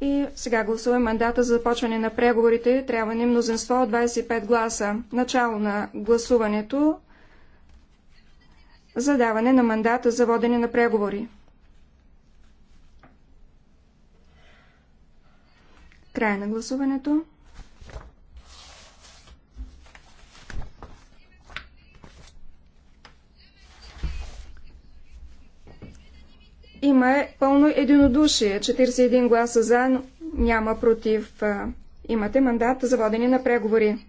Speaker 6: И сега гласуваме мандата за започване на преговорите. Трябва ни мнозинство от 25 гласа. Начало на гласуването за даване на мандата за водене на преговори. Край на гласуването. Има пълно единодушие. 41 гласа за, няма против. Имате мандат за водене на преговори.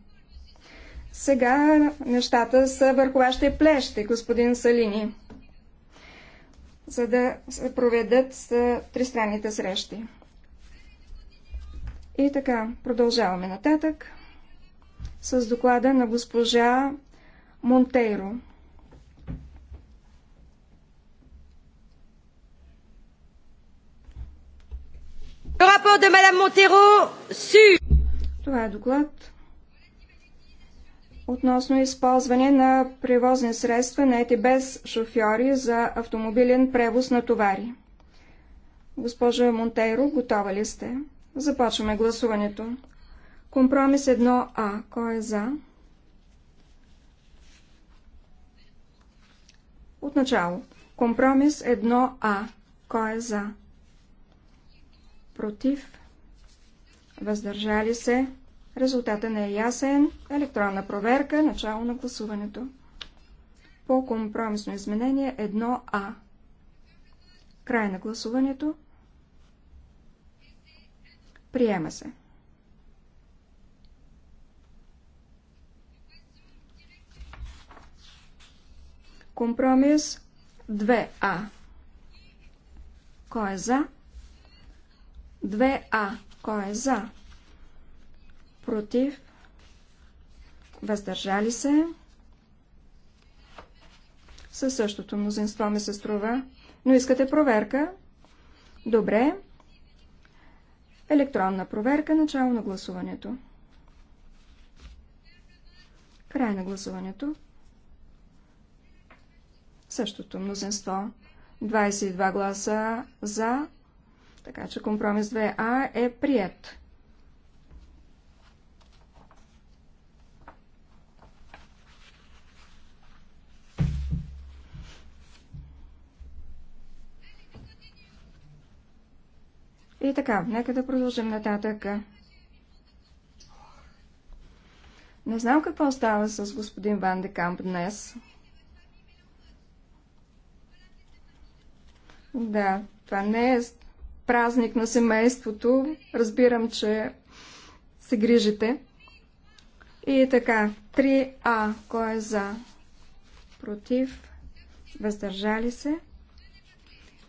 Speaker 6: Сега нещата са върху вашите плещи, господин Салини, за да се проведат тристранните срещи. И така, продължаваме нататък с доклада на госпожа Монтейро. Това е доклад относно използване на превозни средства, наети без шофьори за автомобилен превоз на товари. Госпожа Монтейро, готова ли сте? Започваме гласуването. Компромис 1А. Кой е за? Отначало. Компромис 1А. Кой е за? Против? Въздържали се? Резултата не е ясен. Електронна проверка. Начало на гласуването. По компромисно изменение 1А. Край на гласуването. Приема се. Компромис 2А. Кой е за? 2А. Кой е за? Против? Въздържали се? Със същото мнозинство ми се струва. Но искате проверка? Добре. Електронна проверка, начало на гласуването. Край на гласуването. Същото мнозинство. 22 гласа за, така че компромис 2А е прият. И така, нека да продължим нататък. Не знам какво става с господин Ван де Камп днес. Да, това не е празник на семейството. Разбирам, че се грижите. И така, 3А. Кой е за? Против? Въздържали се?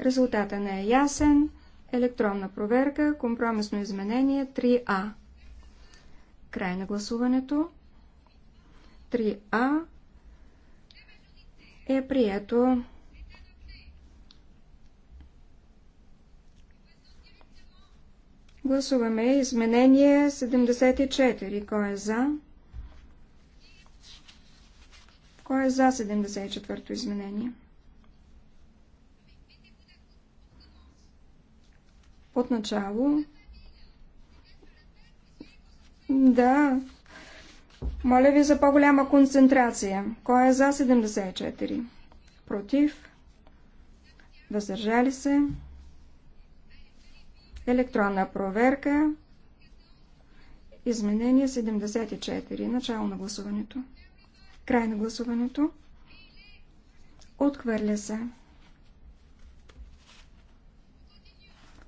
Speaker 6: Резултата не е ясен. Електронна проверка. Компромисно изменение 3А. Край на гласуването. 3А е прието. Гласуваме изменение 74. Кой е за? Кой е за 74-то изменение? отначало да моля ви за по-голяма концентрация. Кой е за 74? Против? Въздържали се? Електронна проверка. Изменение 74. Начало на гласуването. Край на гласуването. Отхвърля се.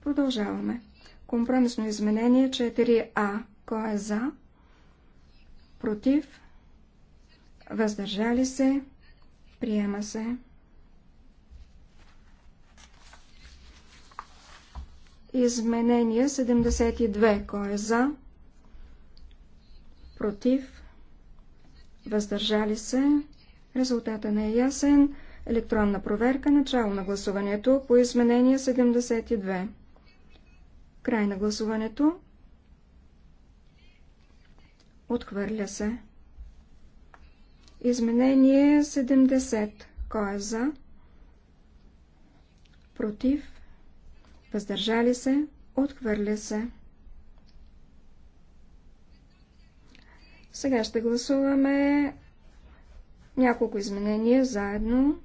Speaker 6: Продължаваме. Компромисно изменение 4А. Кой е за? Против? Въздържали се? Приема се. Изменение 72. Кой е за? Против? Въздържали се? Резултата не е ясен. Електронна проверка. Начало на гласуването по изменение 72. Край на гласуването. Отхвърля се. Изменение 70. Кой е за? Против. Въздържали се. Отхвърля се. Сега ще гласуваме няколко изменения заедно.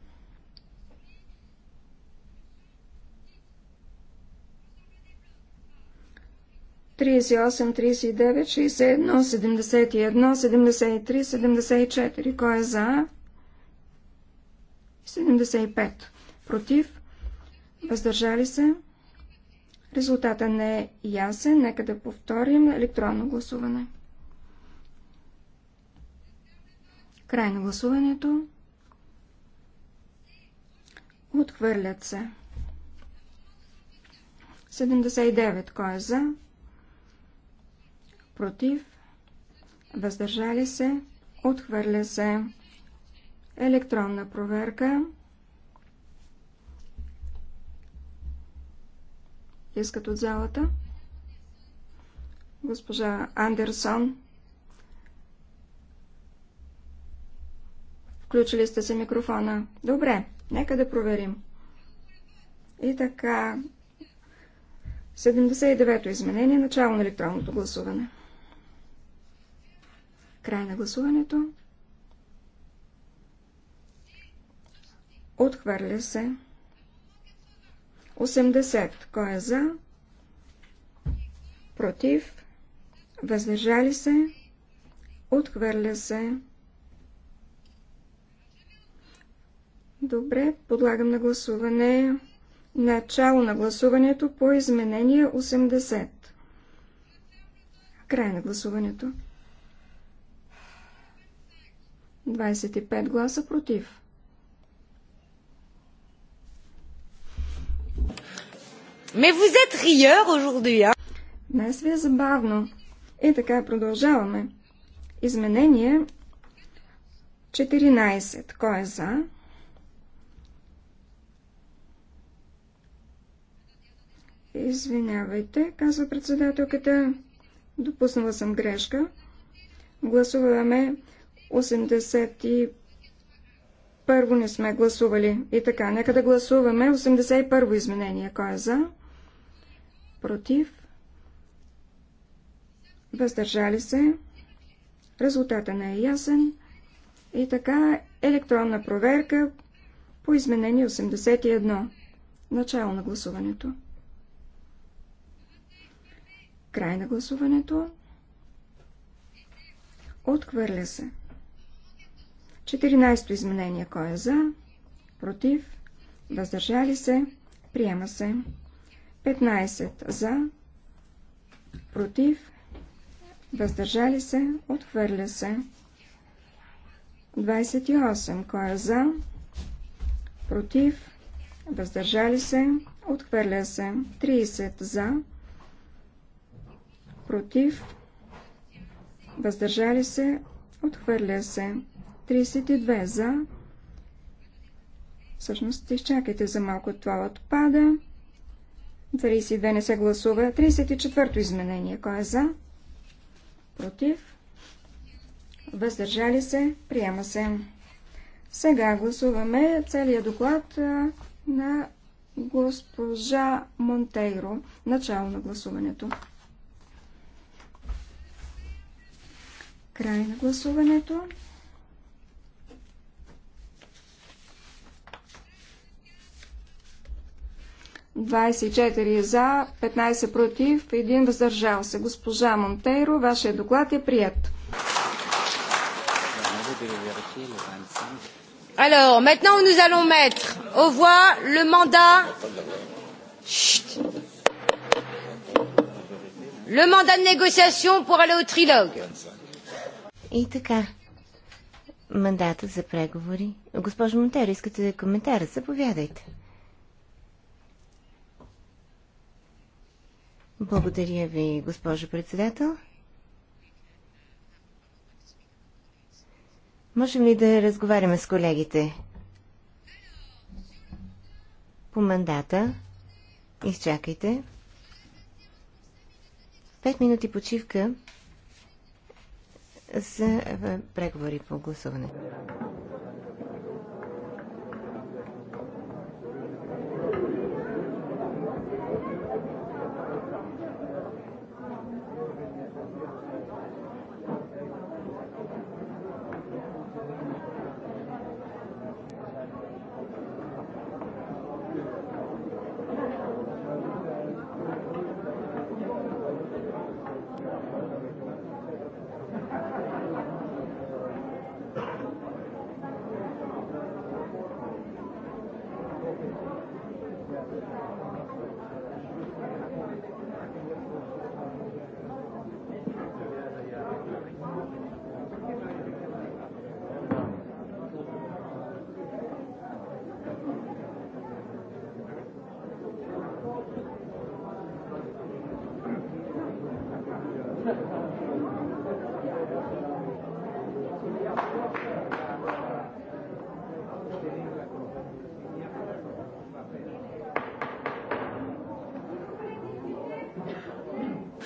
Speaker 6: 38, 39, 61, 71, 73, 74. Кой е за? 75. Против? Въздържали се? Резултата не е ясен. Нека да повторим електронно гласуване. Край на гласуването. Отхвърлят се. 79. Кой е за? против, въздържали се, отхвърля се. Електронна проверка. Искат от залата. Госпожа Андерсон. Включили сте се микрофона. Добре, нека да проверим. И така, 79-то изменение, начало на електронното гласуване. Край на гласуването. Отхвърля се. 80. Кой е за? Против. Въздържали се. Отхвърля се. Добре, подлагам на гласуване начало на гласуването по изменение 80. Край на гласуването. 25 гласа против. Mais vous êtes rieur aujourd'hui, hein? Днес ви е забавно. И така продължаваме. Изменение 14. Кой е за? Извинявайте, казва председателката. Допуснала съм грешка. Гласуваме 81 не сме гласували. И така, нека да гласуваме 81 изменение. Кой е за? Против? Въздържали се? Резултата не е ясен. И така, електронна проверка по изменение 81. Начало на гласуването. Край на гласуването. Отхвърля се. 14-то изменение. Кой е за? Против? Въздържали се? Приема се. 15 за? Против? Въздържали се? Отхвърля се. 28. Кой е за? Против? Въздържали се? Отхвърля се. 30 за? Против? Въздържали се? Отхвърля се. 32 за. Всъщност, изчакайте за малко, това отпада. 32 не се гласува. 34-то изменение. Кой е за? Против? Въздържали се? Приема се. Сега гласуваме целият доклад на госпожа Монтейро. Начало на гласуването. Край на гласуването. 24 за, 15 против, 1 въздържал се. Госпожа Монтейро, вашия доклад е прият.
Speaker 1: Alors, maintenant, nous allons mettre au voie le mandat. Chut. Le mandat de négociation
Speaker 3: pour aller au trilogue. И така, мандата за преговори. Госпожо Монтеро, искате коментар? Заповядайте. Благодаря ви, госпожо председател. Можем ли да разговаряме с колегите? По мандата. Изчакайте. Пет минути почивка за преговори по гласуване.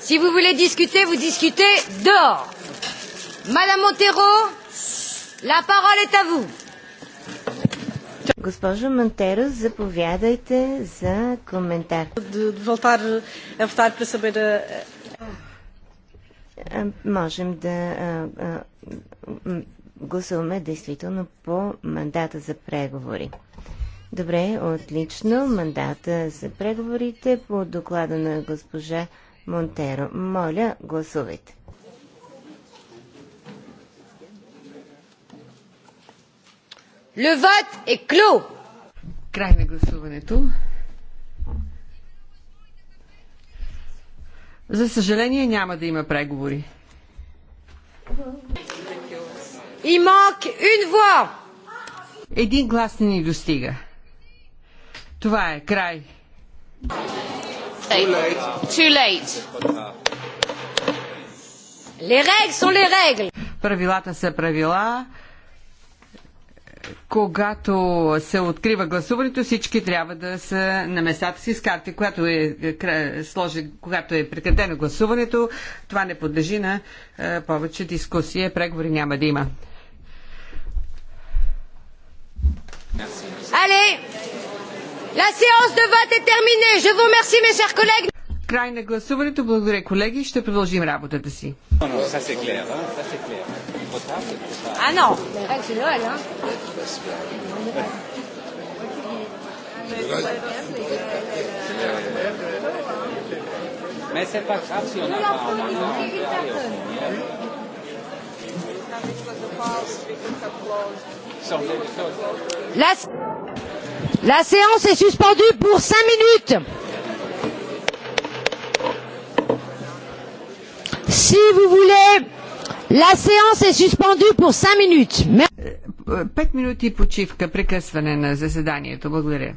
Speaker 1: Si vous voulez discuter, vous discutez dehors. Madame Montero, la parole est à vous.
Speaker 3: Госпожо Монтеро, заповядайте за коментар. Eh, е, можем да е, е, гласуваме действително по мандата за преговори. Добре, отлично. Мандата за преговорите по доклада на госпожа Монтеро. Моля, гласувайте.
Speaker 5: Левът е клю. Край на гласуването. За съжаление няма да има преговори. И мак une voix. Един глас не ни достига. Това е край. Too late. Too late.
Speaker 1: Les règles sont les règles.
Speaker 5: Правилата са правила. Когато се открива гласуването, всички трябва да са на местата си с карти. Когато е, е сложи, когато е прекратено гласуването, това не подлежи на е, повече дискусия. Преговори няма да има.
Speaker 1: Allez La séance de vote est terminée. Je vous remercie, mes chers collègues.
Speaker 5: Край на гласуването. Благодаря, колеги. Ще продължим работата си.
Speaker 1: А, но. La... La séance est suspendue pour cinq minutes. Si vous
Speaker 5: voulez, la séance est suspendue pour cinq minutes. Пет минути почивка, прекъсване на заседанието. Благодаря.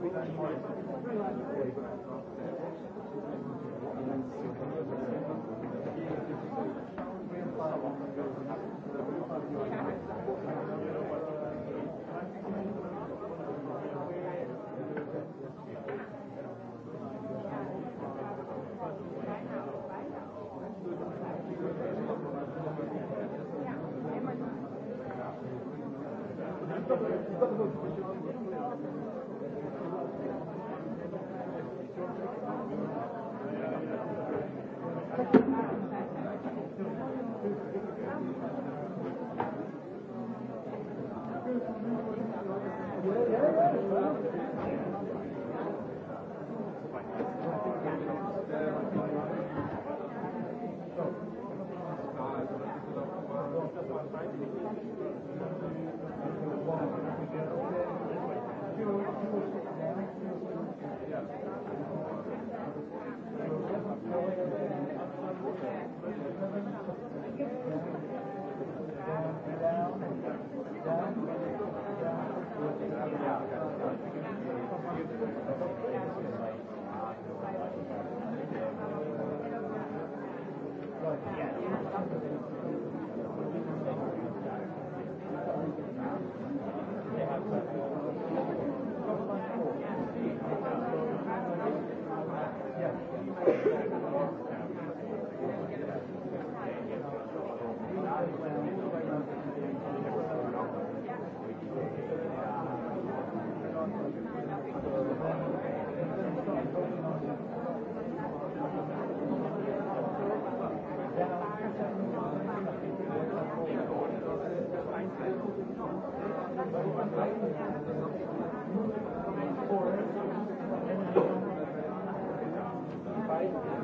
Speaker 4: Thank you.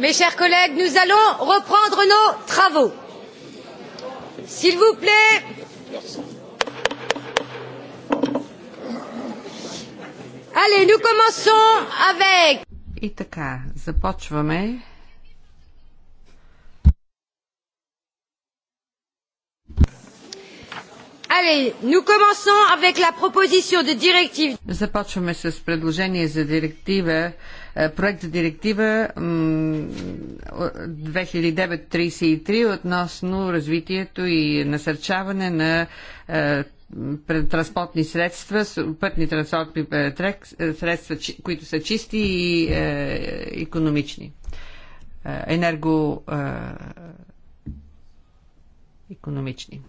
Speaker 1: Mes chers collègues, nous allons reprendre nos travaux. S'il vous plaît. Allez, nous commençons avec.
Speaker 5: И така, започваме nous commençons avec la
Speaker 1: proposition de directive.
Speaker 5: Започваме с предложение за директива, е, проект за директива 2933 относно развитието и насърчаване на е, транспортни средства, пътни транспортни е, средства, които са чисти и економични. Енерго економични.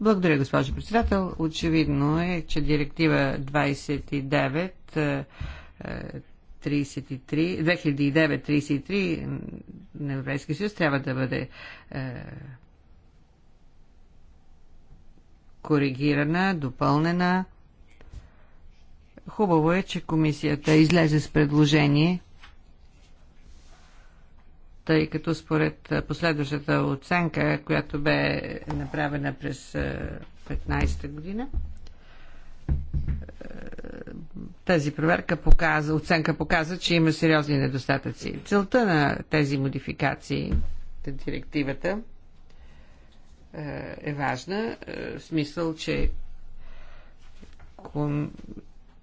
Speaker 5: Благодаря, госпожо председател. Очевидно е, че директива 2009-33 е, е, на Европейския съюз трябва да бъде е, коригирана, допълнена. Хубаво е, че комисията излезе с предложение тъй като според последващата оценка, която бе направена през 15-та година, тази проверка показа, оценка показа, че има сериозни недостатъци. Целта на тези модификации, на директивата, е важна, в смисъл, че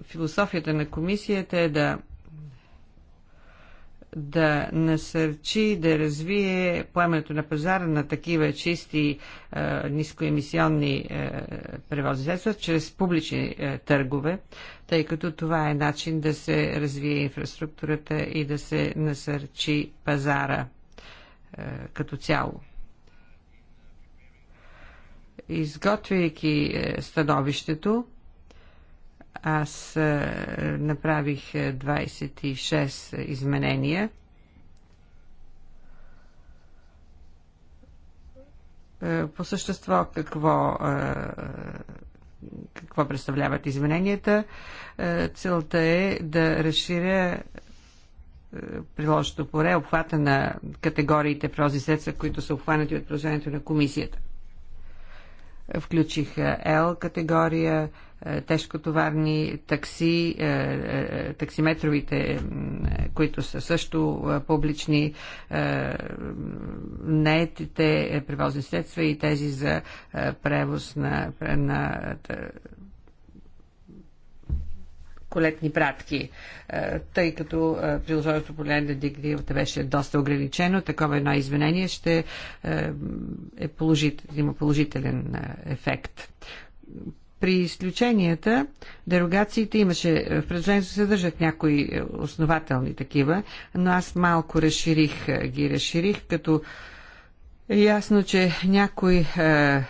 Speaker 5: философията на комисията е да да насърчи, да развие поемането на пазара на такива чисти е, нискоемисионни е, превозни средства чрез публични е, търгове, тъй като това е начин да се развие инфраструктурата и да се насърчи пазара е, като цяло. Изготвяйки е, становището, аз е, направих 26 е, изменения. Е, по същество какво, какво представляват измененията? Целта е да разширя приложното поре, обхвата на категориите прози средства, които са обхванати от приложението на комисията. Включих L категория, тежкотоварни такси, е, е, таксиметровите, които са също е, публични, неетите превозни средства и тези за превоз на, на колетни пратки, тъй като приложението по на директивата беше доста ограничено, такова едно извинение ще е положител, има положителен ефект при изключенията, дерогациите имаше, в предложението се съдържат някои основателни такива, но аз малко разширих, ги разширих, като е Ясно, че някои е,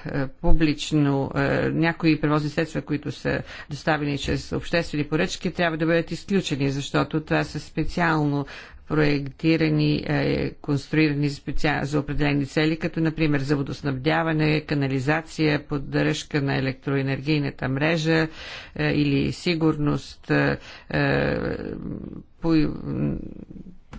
Speaker 5: публично, е, някои превозни средства, които са доставени чрез обществени поръчки, трябва да бъдат изключени, защото това са специално проектирани, е, конструирани за определени цели, като например за водоснабдяване, канализация, поддръжка на електроенергийната мрежа е, или сигурност е, по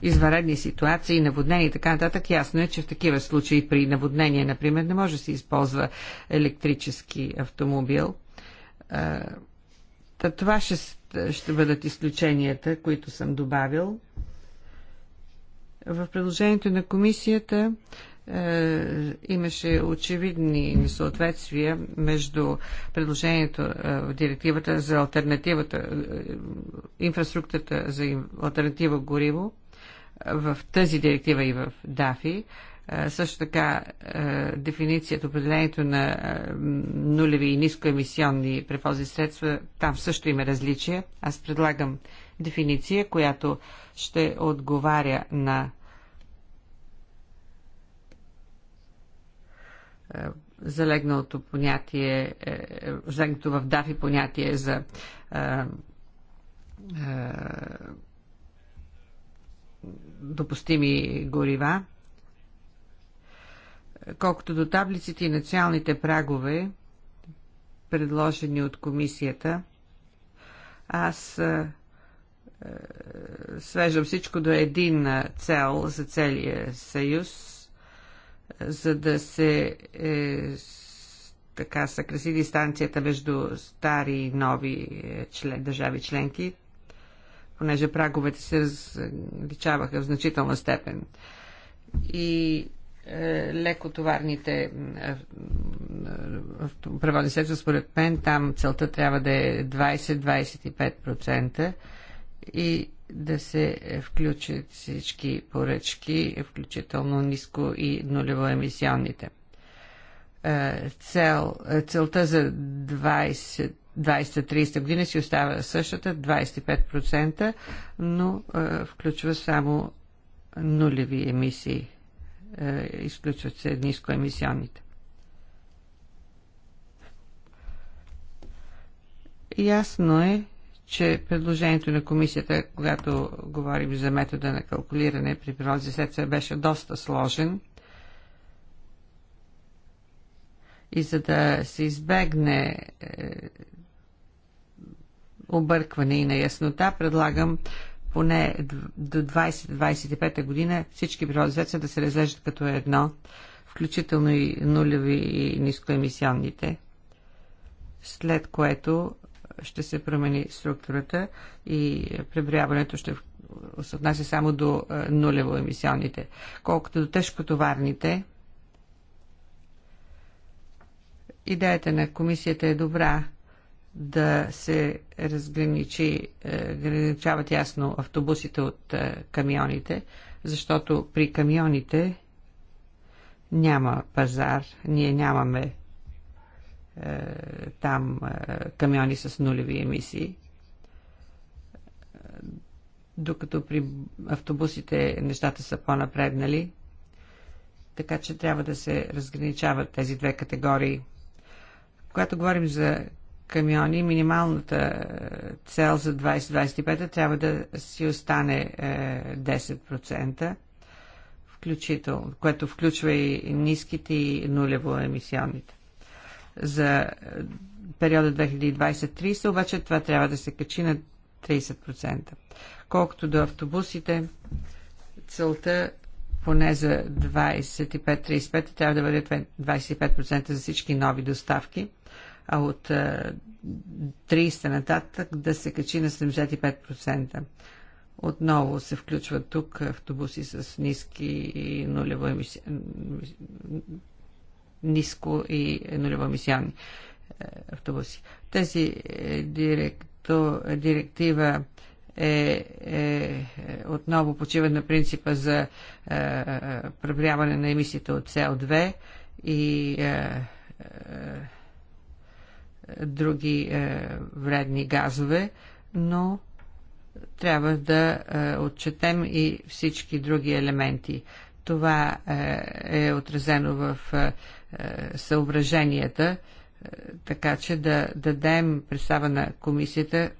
Speaker 5: изваредни ситуации, наводнения и така нататък. Ясно е, че в такива случаи при наводнение, например, не може да се използва електрически автомобил. Та това ще, ще бъдат изключенията, които съм добавил. В предложението на комисията е, имаше очевидни несъответствия между предложението е, в директивата за альтернативата, е, инфраструктурата за альтернатива гориво в тази директива и в ДАФИ. Също така дефиницията, определението на нулеви и нискоемисионни превозни средства, там също има различия. Аз предлагам дефиниция, която ще отговаря на е, залегналото понятие, е, е, залегнато в ДАФИ понятие за допустими горива. Колкото до таблиците и националните прагове, предложени от комисията, аз свеждам всичко до един цел за целия съюз, за да се е, така съкраси дистанцията между стари и нови е, член, държави членки, понеже праговете се различаваха в значителна степен. И е, лекотоварните преводни е, според мен, там целта трябва да е 20-25% и да се включат всички поръчки, включително ниско и нулево емисионните. Е, цел, е, целта за 20 30 години си остава същата, 25%, но е, включва само нулеви емисии. изключват се нискоемисионните. Ясно е, че предложението на комисията, когато говорим за метода на калкулиране при природни следствия, беше доста сложен. И за да се избегне е, объркване и неяснота, предлагам поне до 2025 година всички природни да се разлежат като едно, включително и нулеви и нискоемисионните, след което ще се промени структурата и преброяването ще се отнася само до е, нулево емисионните. Колкото до тежкотоварните, идеята на комисията е добра да се разграничи, е, разграничават ясно автобусите от е, камионите, защото при камионите няма пазар, ние нямаме е, там е, камиони с нулеви емисии. Докато при автобусите нещата са по-напреднали. Така че трябва да се разграничават тези две категории. Когато говорим за камиони, минималната е, цел за 2025 трябва да си остане 10%, включително, което включва и ниските и нулево емисионните за е, периода 2020-30, обаче това трябва да се качи на 30%. Колкото до автобусите, целта поне за 25-35 трябва да бъде 25% за всички нови доставки, а от 30 е, нататък да се качи на 75%. Отново се включват тук автобуси с ниски нулево емисия, ниско и нулевоемисионни е, автобуси. Тези е, директо, е, директива е, е отново почива на принципа за е, преброяване на емисиите от СО2 и е, е, други е, вредни газове, но трябва да е, отчетем и всички други елементи. Това е, е отразено в е, е, съображенията, така че да дадем представа на комисията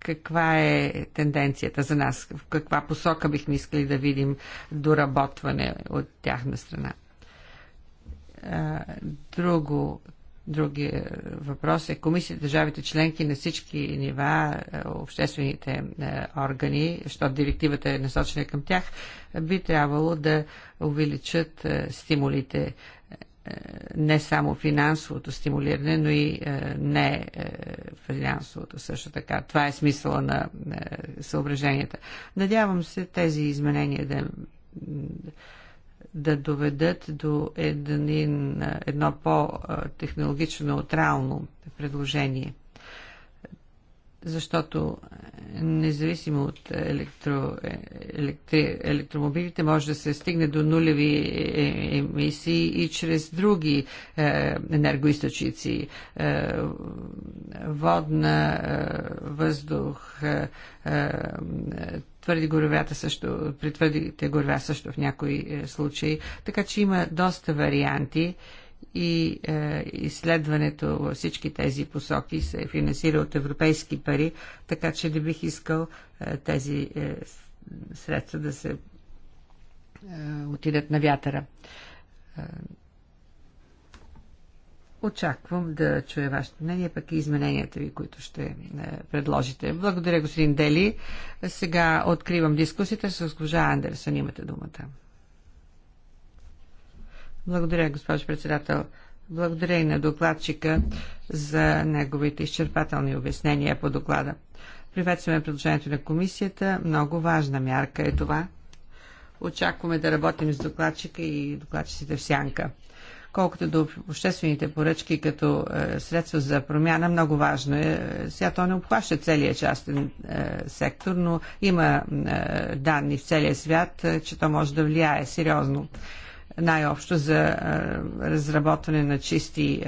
Speaker 5: каква е тенденцията за нас, в каква посока бихме искали да видим доработване от тяхна страна. Друго Други е, въпрос е комисията, държавите членки на всички нива, е, обществените е, органи, защото директивата е насочена към тях, би трябвало да увеличат стимулите не само финансовото стимулиране, но и не финансовото също така. Това е смисъла на съображенията. Надявам се тези изменения да да доведат до един, едно по-технологично неутрално предложение. Защото е, независимо от електро, е, електри, електромобилите може да се стигне до нулеви е, емисии и чрез други е, енергоисточници. Е, водна, е, въздух, е, твърди горевята също, при твърдите горива също в някои е, случаи. Така че има доста варианти и е, изследването във всички тези посоки се финансира от европейски пари, така че не бих искал е, тези е, средства да се е, отидат на вятъра. Е, Очаквам да чуя вашето мнение, пък и измененията ви, които ще е, предложите. Благодаря, господин Дели. Сега откривам дискусията с госпожа Андерсън. Имате думата. Благодаря, госпожо председател. Благодаря и на докладчика за неговите изчерпателни обяснения по доклада. Приветстваме предложението на комисията. Много важна мярка е това. Очакваме да работим с докладчика и докладчиците в сянка. Колкото до обществените поръчки като е, средство за промяна, много важно е, е. Сега то не обхваща целия частен е, сектор, но има данни в целия свят, че то може да влияе сериозно най-общо за разработване на чисти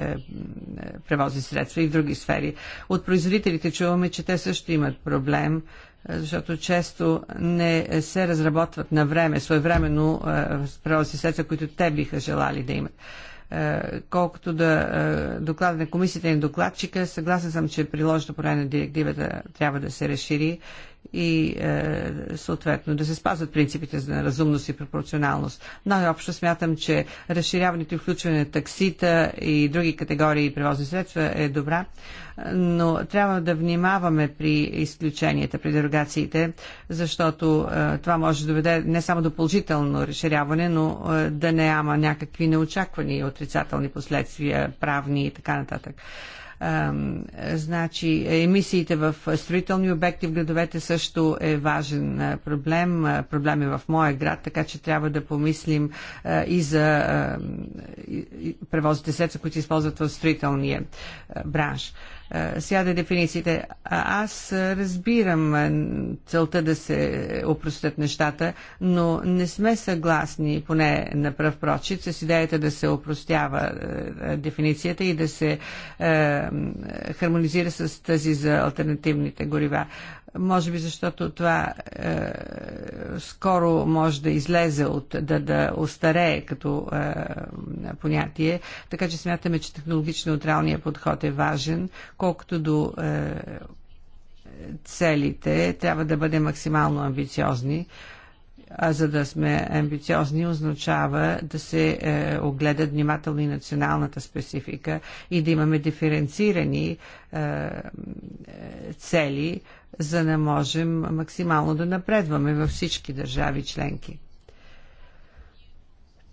Speaker 5: превозни средства и в други сфери. От производителите чуваме, че те също имат проблем, защото често не се разработват на време, своевременно превозни средства, които те биха желали да имат. Е, колкото да е, доклада на комисията и на докладчика, съгласен съм, че приложното поле на директивата трябва да се разшири и е, съответно да се спазват принципите за разумност и пропорционалност. Най-общо смятам, че разширяването и включване на таксита и други категории превозни средства е добра, но трябва да внимаваме при изключенията, при дерогациите, защото е, това може да доведе не само до положително разширяване, но е, да не няма някакви неочаквани отрицателни последствия, правни и така нататък. Е, Значи, емисиите в строителни обекти в градовете също е важен проблем. Проблем е в моя град, така че трябва да помислим и за превозите средства, които използват в строителния бранш. Е, сега да дефинициите. Аз е, разбирам е, целта да се опростят нещата, но не сме съгласни, поне на пръв прочит, с идеята да се опростява дефиницията и да се хармонизира с тази за альтернативните горива. Може би защото това е, скоро може да излезе от, да, да остарее като е, понятие, така че смятаме, че технологично неутралният подход е важен, колкото до е, целите трябва да бъдем максимално амбициозни. Е, а за да сме амбициозни, означава да се е, огледат внимателно и националната специфика и да имаме диференцирани е, цели, за да можем максимално да напредваме във всички държави членки.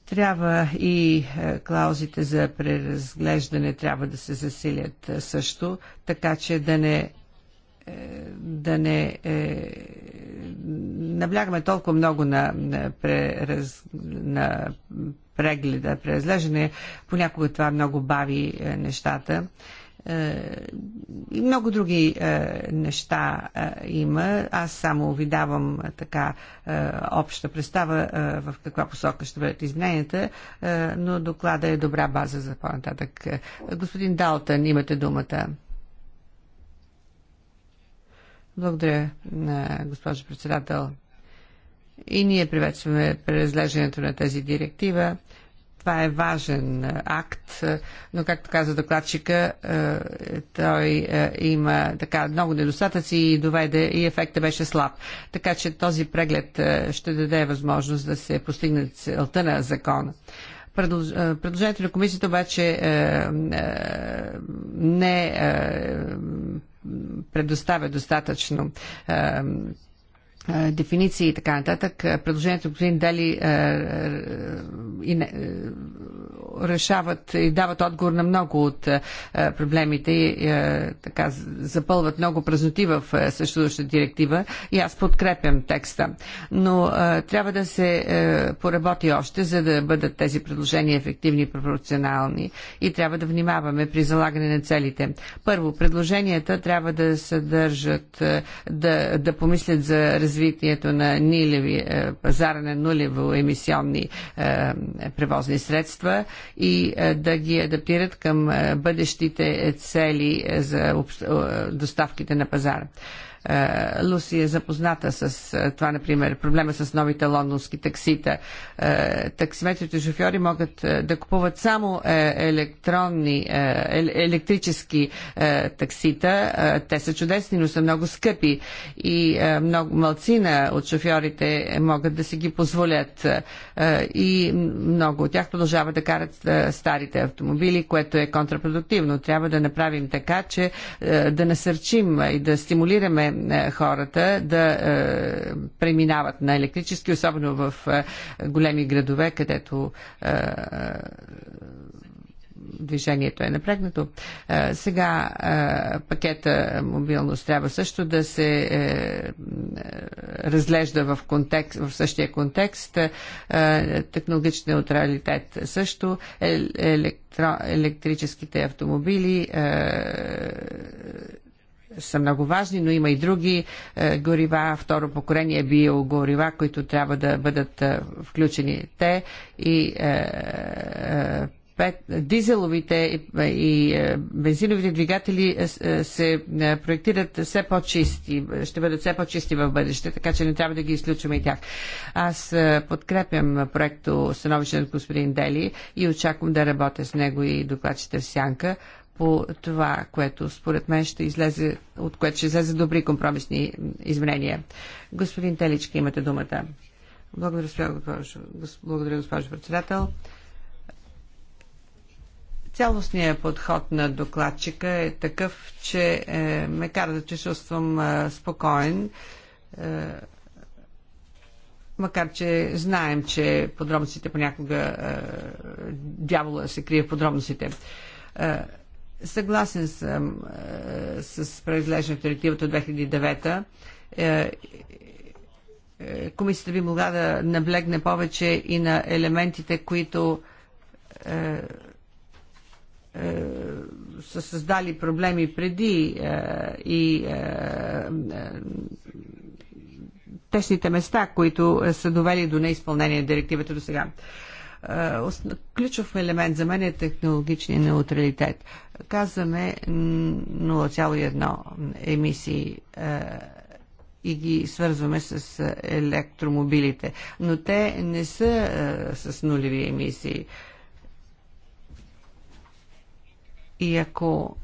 Speaker 5: Трябва и е, клаузите за преразглеждане трябва да се засилят е, също, така че да не е, да не е, наблягаме толкова много на, на, прераз, на прегледа, преразлежане. понякога това много бави е, нещата. Е, и много други е, неща е, има. Аз само ви давам е, така е, обща представа в каква посока ще бъдат измененията, но доклада е добра база за по-нататък. Господин Далтън, имате думата. Благодаря, госпожо председател. И ние приветстваме преразглеждането на тази директива. Това е важен акт, но както каза докладчика, той има така много недостатъци и доведе и ефекта беше слаб. Така че този преглед ще даде възможност да се постигне целта на закона. Предложението на комисията обаче е, е, не е, предоставя достатъчно е, дефиниции и така нататък. Предложението господин Дали е, е, и решават и дават отговор на много от е, проблемите и е, така запълват много празноти в е, съществуващата директива и аз подкрепям текста. Но трябва да се поработи още, за да бъдат тези предложения ефективни и пропорционални и трябва да внимаваме при залагане на целите. Първо, предложенията трябва да съдържат, да, да помислят за развитието на нилеви, пазара на нулево емисионни превозни средства и е, да ги адаптират към е, бъдещите е, цели за доставките на пазара. Е, Луси е запозната с е, това, например, проблема с новите лондонски таксита. Е, таксиметрите шофьори могат да купуват само електронни, електрически таксита. Те са чудесни, но са много скъпи и много малцина от шофьорите могат да си ги позволят. И много от тях продължават да карат старите автомобили, което е контрапродуктивно. Трябва да направим така, че да насърчим и да стимулираме е, хората да е, преминават на електрически, особено в е, големи градове, където движението е напрегнато. Сега пакета мобилност трябва също да се разглежда в, контекст, в същия контекст. Технологичен неутралитет също. Електро, електрическите автомобили са много важни, но има и други е, горива, второ поколение биогорива, които трябва да бъдат е, включени те и е, пет, дизеловите и бензиновите двигатели се проектират все по-чисти, ще бъдат все по-чисти в бъдеще, така че не трябва да ги изключваме и тях. Аз подкрепям проекто Становище на господин Дели и очаквам да работя с него и докладчите в Сянка по това, което според мен ще излезе, от което ще излезе добри компромисни изменения. Господин Теличка, имате думата. Благодаря, госпожо, благодаря, госпожо председател. Цялостният подход на докладчика е такъв, че е, ме кара да се чувствам е, спокоен. Е, макар че знаем, че подробностите понякога е, дявола се крие в подробностите. Е, Съгласен съм е, с предлежната директивата от 2009 е, е, Комисията би могла да наблегне повече и на елементите, които е, е са създали проблеми преди е, и е, тесните места, които са довели до неизпълнение на директивата до сега. Ключов елемент за мен е технологичния неутралитет казваме 0,1 емисии е, и ги свързваме с електромобилите. Но те не са е, с нулеви емисии. И ако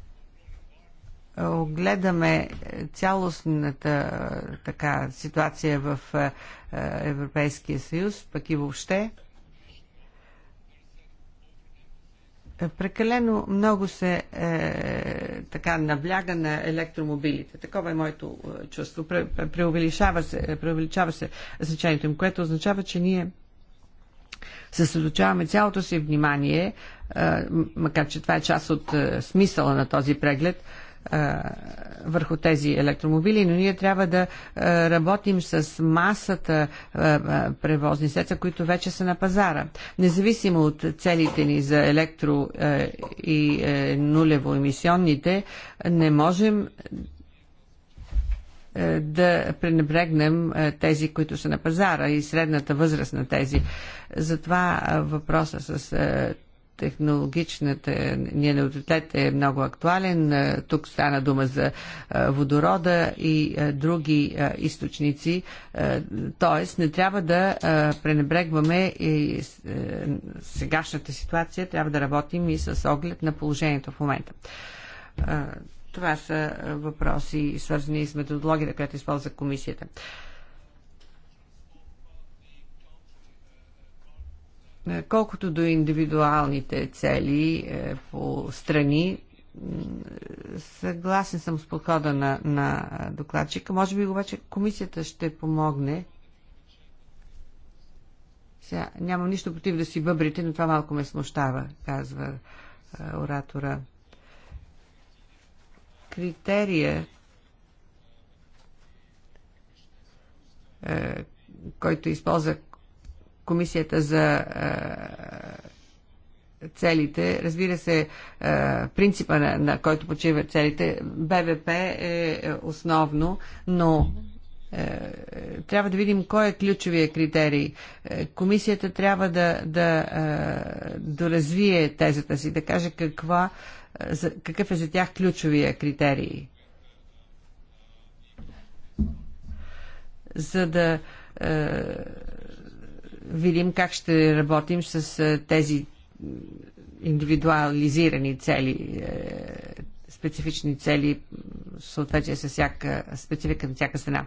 Speaker 5: огледаме цялостната е, така ситуация в Европейския съюз, пък и въобще, Прекалено много се е, така набляга на електромобилите. Такова е моето е, чувство. Преувеличава се, преувеличава се значението им, което означава, че ние съсредоточаваме цялото си внимание, е, макар че това е част от е, смисъла на този преглед, е, върху тези електромобили, но ние трябва да работим с масата превозни средства, които вече са на пазара. Независимо от целите ни за електро и нулево емисионните, не можем да пренебрегнем тези, които са на пазара и средната възраст на тези. Затова въпроса с технологичната ни неутралитет е много актуален. Тук стана дума за водорода и други източници. Тоест, не трябва да пренебрегваме и сегашната ситуация. Трябва да работим и с оглед на положението в момента. Това са въпроси, свързани с методологията, която използва комисията. Е, колкото до индивидуалните цели е, по страни, съгласен съм с подхода на, на докладчика. Може би обаче комисията ще помогне. Сега, нямам нищо против да си бъбрите, но това малко ме смущава, казва е, оратора. Критерия, който използва комисията за е, целите. Разбира се, е, принципа на, на който почива целите, БВП е, е основно, но трябва да видим кой е ключовия критерий. Комисията трябва да, да доразвие тезата си, да каже каква, какъв е за тях ключовия критерий. За да видим как ще работим с тези индивидуализирани цели, е, специфични цели съответствие с всяка специфика на всяка страна.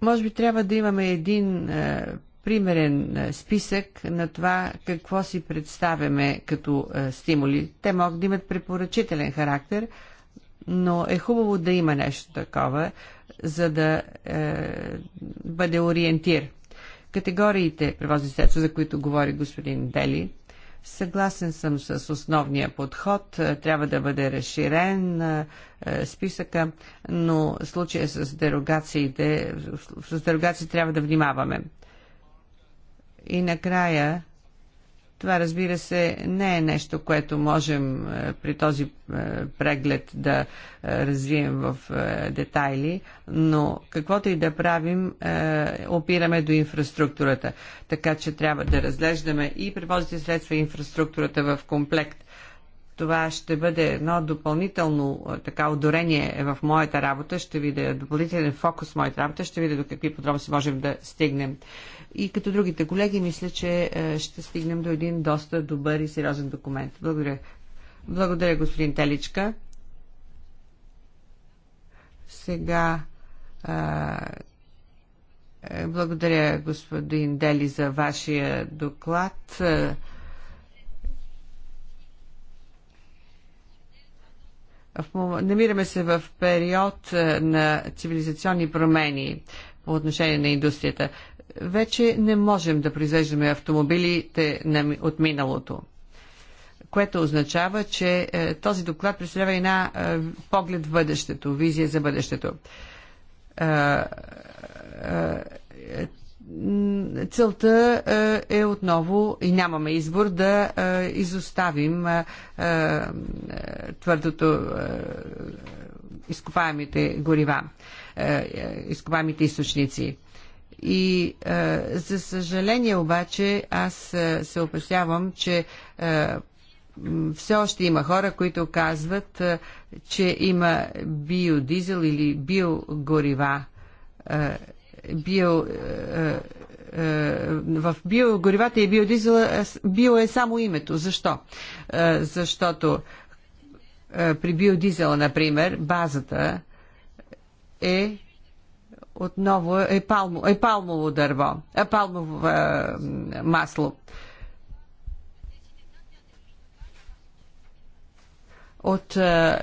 Speaker 5: Може би трябва да имаме един е, примерен е, списък на това какво си представяме като стимули. Те могат да имат препоръчителен характер, но е хубаво да има нещо такова, за да е, бъде ориентир. Категориите превозни средства, за които говори господин Дели, Съгласен съм с основния подход. Е, трябва да бъде разширен е, е, списъка, но случая с дерогациите, с дерогации трябва да внимаваме. И накрая това, разбира се, не е нещо, което можем е, при този е, преглед да е, развием в детайли, но каквото и да правим, опираме до инфраструктурата. Така че трябва да разглеждаме и превозните средства и инфраструктурата в комплект – това ще бъде едно допълнително така удорение е в моята работа, ще видя допълнителен фокус в моята работа, ще видя до какви подробности можем да стигнем. И като другите колеги, мисля, че ще стигнем до един доста добър и сериозен документ. Благодаря. Благодаря, господин Теличка. Сега а, е, благодаря, господин Дели, за вашия доклад. В намираме се в период е, на цивилизационни промени по отношение на индустрията. Вече не можем да произвеждаме автомобилите от миналото което означава, че е, този доклад представлява една е, поглед в бъдещето, визия за бъдещето целта е, е отново, и нямаме избор, да е, изоставим е, твърдото изкопаемите горива, изкопаемите източници. И за съжаление обаче аз се опасявам, че все още има хора, които казват, че има биодизел или биогорива био, е, е, в биогоривата и биодизела е, био е само името. Защо? Защото при биодизела, например, базата е отново е, палмо, е палмово дърво, е палмово е, масло. От е,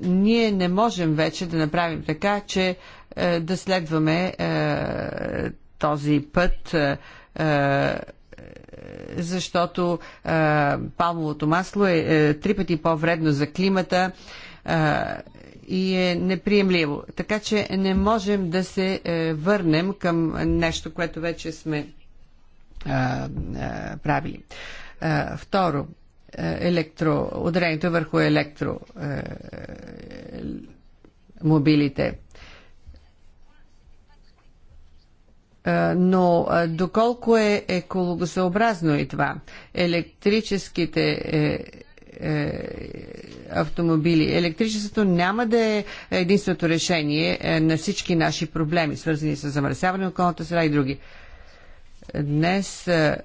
Speaker 5: ние не можем вече да направим така, че е, да следваме е, този път е, защото е, палмовото масло е, е три пъти по-вредно за климата е, и е неприемливо. Така че не можем да се е, върнем към нещо, което вече сме е, е, правили. Е, второ, е, електро, ударението върху електромобилите. Е, е, мобилите но доколко е екологосъобразно и това? Електрическите е, е, автомобили. Електричеството няма да е единственото решение е, на всички наши проблеми, свързани с замърсяване на околната среда и други. Днес е,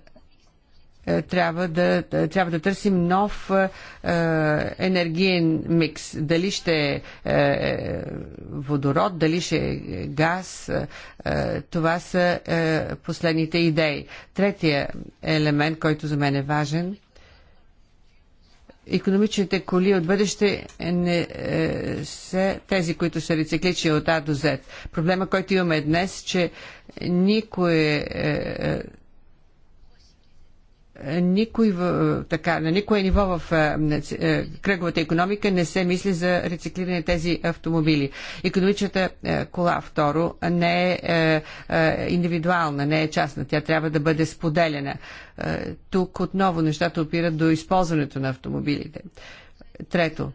Speaker 5: е, трябва да, е, трябва да търсим нов е, е, енергиен микс. Дали ще е, водород, дали ще е газ, е, това са е, последните идеи. Третия елемент, който за мен е важен, економичните коли от бъдеще не е, са тези, които са рециклични от А до З. Проблема, който имаме днес, че никой е, е никой, така, на никое ниво в кръговата економика не се мисли за рециклиране тези автомобили. Економичната кола, второ, не е индивидуална, не е частна. Тя трябва да бъде споделена. Тук отново нещата опират до използването на автомобилите. Трето,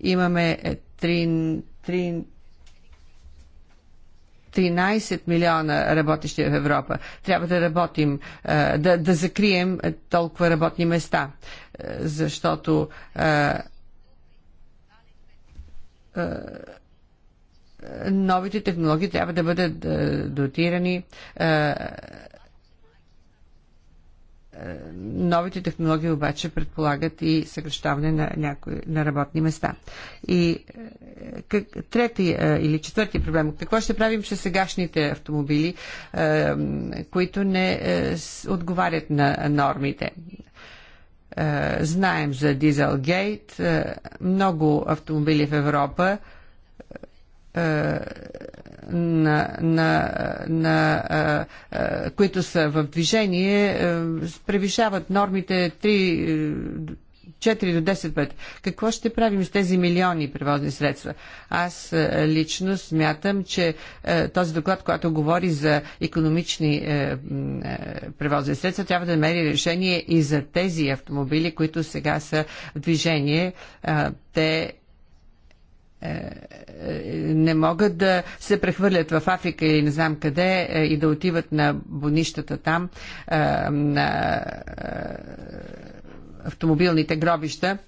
Speaker 5: имаме е, три. 13 милиона работещи в Европа. Трябва да работим, е, да, да закрием толкова работни места, е, защото е, новите технологии трябва да бъдат дотирани новите технологии обаче предполагат и съгрещаване на, някои, на работни места. И е, как, трети е, или четвърти проблем. Какво ще правим с сегашните автомобили, е, които не отговарят на нормите? Знаем за Дизелгейт. Много автомобили в Европа на, на, на, а, а, които са в движение, а, превишават нормите 3. 4 до 10 пъти. Какво ще правим с тези милиони превозни средства? Аз лично смятам, че този доклад, който говори за економични превозни средства, трябва да намери решение и за тези автомобили, които сега са в движение. Те не могат да се прехвърлят в Африка или не знам къде е, и да отиват на бонищата там, е, на е, автомобилните гробища,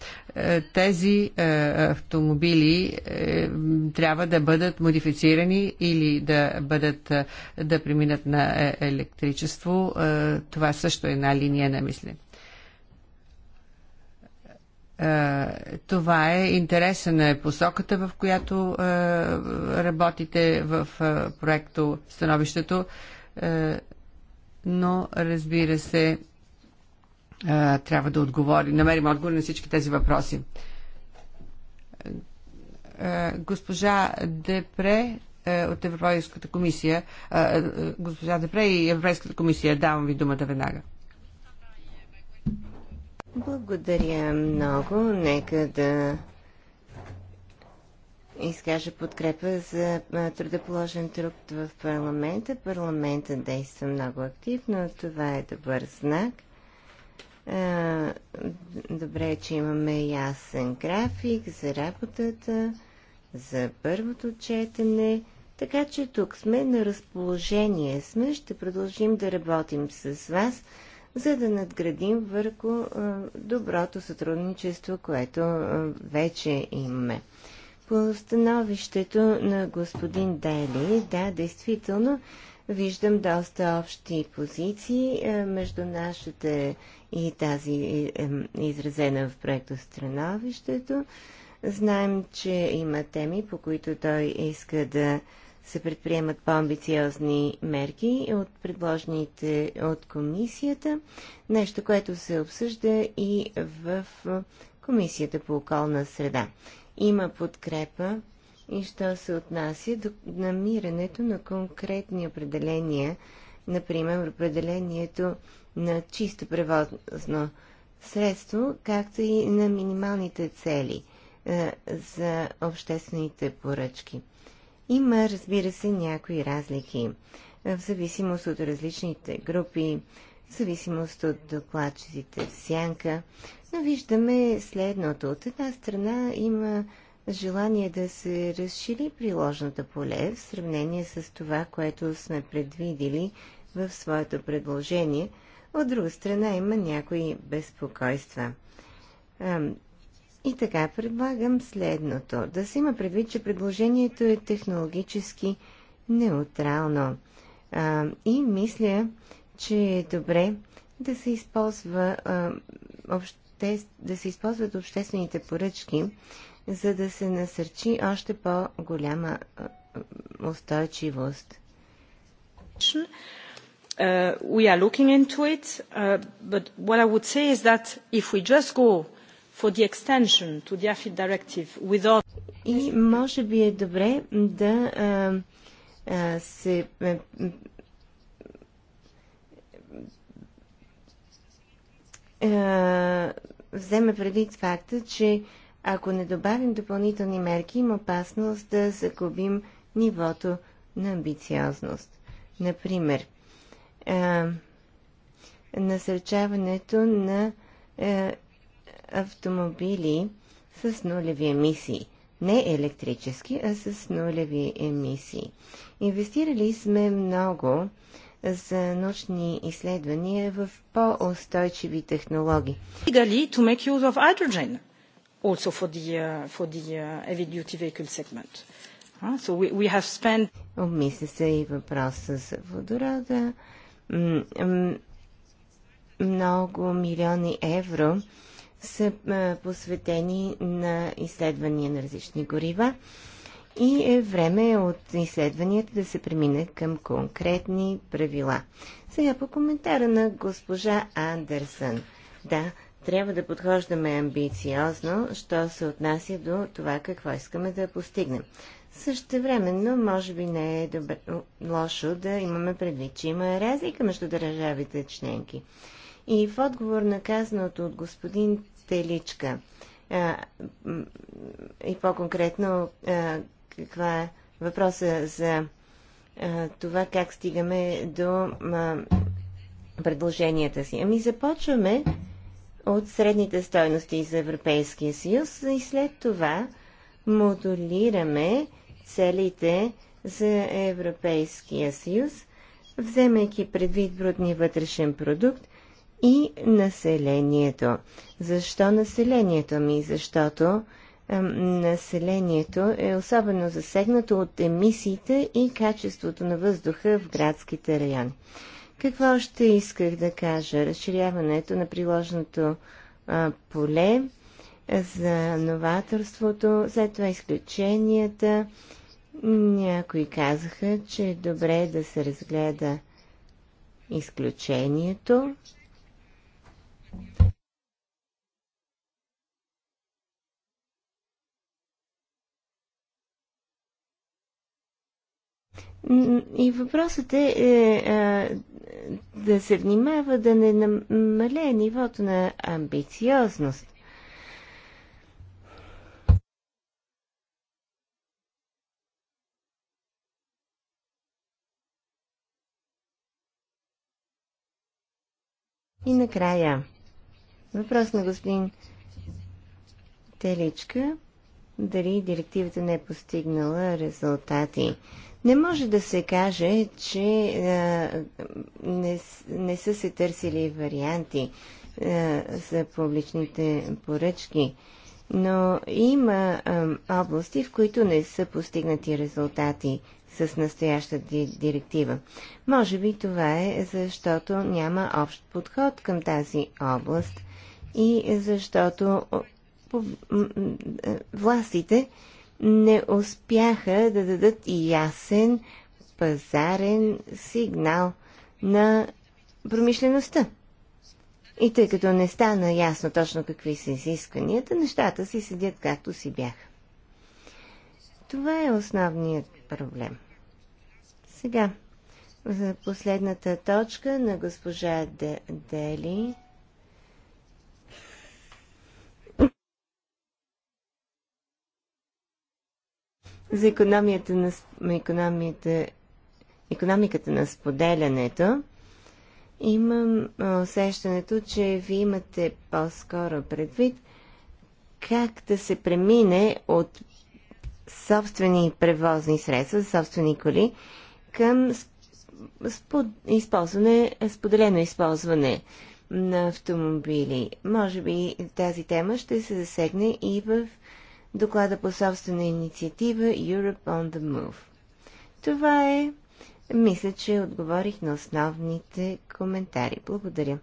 Speaker 5: тези автомобили трябва да бъдат модифицирани или да бъдат да преминат на електричество. Това също е една линия на мислене. Е, това е интересена е посоката, в която е, работите в е, проекто становището, но разбира се, трябва да отговори, намерим отговор на всички тези въпроси. Госпожа Депре от Европейската комисия, госпожа Депре и Европейската комисия, давам ви думата веднага.
Speaker 3: Благодаря много. Нека да изкажа подкрепа за труда положен труд в парламента. Парламента действа много активно. Това е добър знак. Добре, е, че имаме ясен график за работата, за първото четене. Така че тук сме на разположение сме. Ще продължим да работим с вас за да надградим върху е, доброто сътрудничество, което е, вече имаме. По становището на господин Дели, да, действително, виждам доста общи позиции е, между нашата и тази изразена в проекта становището. Знаем, че има теми, по които той иска да се предприемат по-амбициозни мерки от предложените от комисията, нещо, което се обсъжда и в Комисията по околна среда. Има подкрепа и що се отнася до намирането на конкретни определения, например определението на чисто превозно средство, както и на минималните цели е, – за обществените поръчки. Има, разбира се, някои разлики в зависимост от различните групи, в зависимост от докладчиците в сянка, но виждаме следното. От една страна има желание да се разшири приложната поле в сравнение с това, което сме предвидели в своето предложение. От друга страна има някои безпокойства. И така, предлагам следното. Да се има предвид, че предложението е технологически неутрално. А, и мисля, че е добре да се, използва, а, обще, да се използват обществените поръчки, за да се насърчи още по-голяма устойчивост.
Speaker 6: Uh, we are looking into it, uh, but
Speaker 1: what I would say is that if we just go
Speaker 3: и може би е добре да а, а, се а, вземе предвид факта, че ако не добавим допълнителни мерки, има опасност да загубим нивото на амбициозност. Например, а, насърчаването на автомобили с нулеви емисии. Не електрически, а с нулеви емисии. Инвестирали сме много за научни изследвания в по-устойчиви технологии.
Speaker 1: Дали to make use of hydrogen also for the, uh, for the uh, heavy duty vehicle segment.
Speaker 3: Uh, so we, we have spent... Обмисля се и въпроса за водорода. Много милиони евро са посветени на изследвания на различни горива и е време от изследванията да се премине към конкретни правила. Сега по коментара на госпожа Андерсън. Да, трябва да подхождаме амбициозно, що се отнася до това какво искаме да постигнем. Същевременно, може би не е добър, лошо да имаме предвид, че има разлика между държавите членки. И в отговор на казаното от господин теличка. И по-конкретно, каква е въпроса за това как стигаме до предложенията си. Ами започваме от средните стойности за Европейския съюз и след това модулираме целите за Европейския съюз, вземайки предвид брутния вътрешен продукт и населението. Защо населението ми? Защото е, населението е особено засегнато от емисиите и качеството на въздуха в градските райони. Какво ще исках да кажа? Разширяването на приложеното а, поле за новаторството, след това изключенията. Някои казаха, че е добре да се разгледа изключението, и въпросът е, е е да се внимава да не намалее нивото на амбициозност. И накрая. Въпрос на господин Теличка. Дали директивата не е постигнала резултати? Не може да се каже, че а, не, не са се търсили варианти а, за публичните поръчки, но има а, области, в които не са постигнати резултати с настоящата директива. Може би това е защото няма общ подход към тази област – и защото властите не успяха да дадат ясен пазарен сигнал на промишлеността. И тъй като не стана ясно точно какви са изискванията, нещата си седят както си бяха. Това е основният проблем. Сега, за последната точка на госпожа Дели за економията на, економията, економиката на споделянето, имам усещането, че ви имате по-скоро предвид как да се премине от собствени превозни средства, собствени коли, към спод... използване, споделено използване на автомобили. Може би тази тема ще се засегне и в доклада по собствена инициатива Europe on the Move. Това е. Мисля, че отговорих на основните коментари. Благодаря.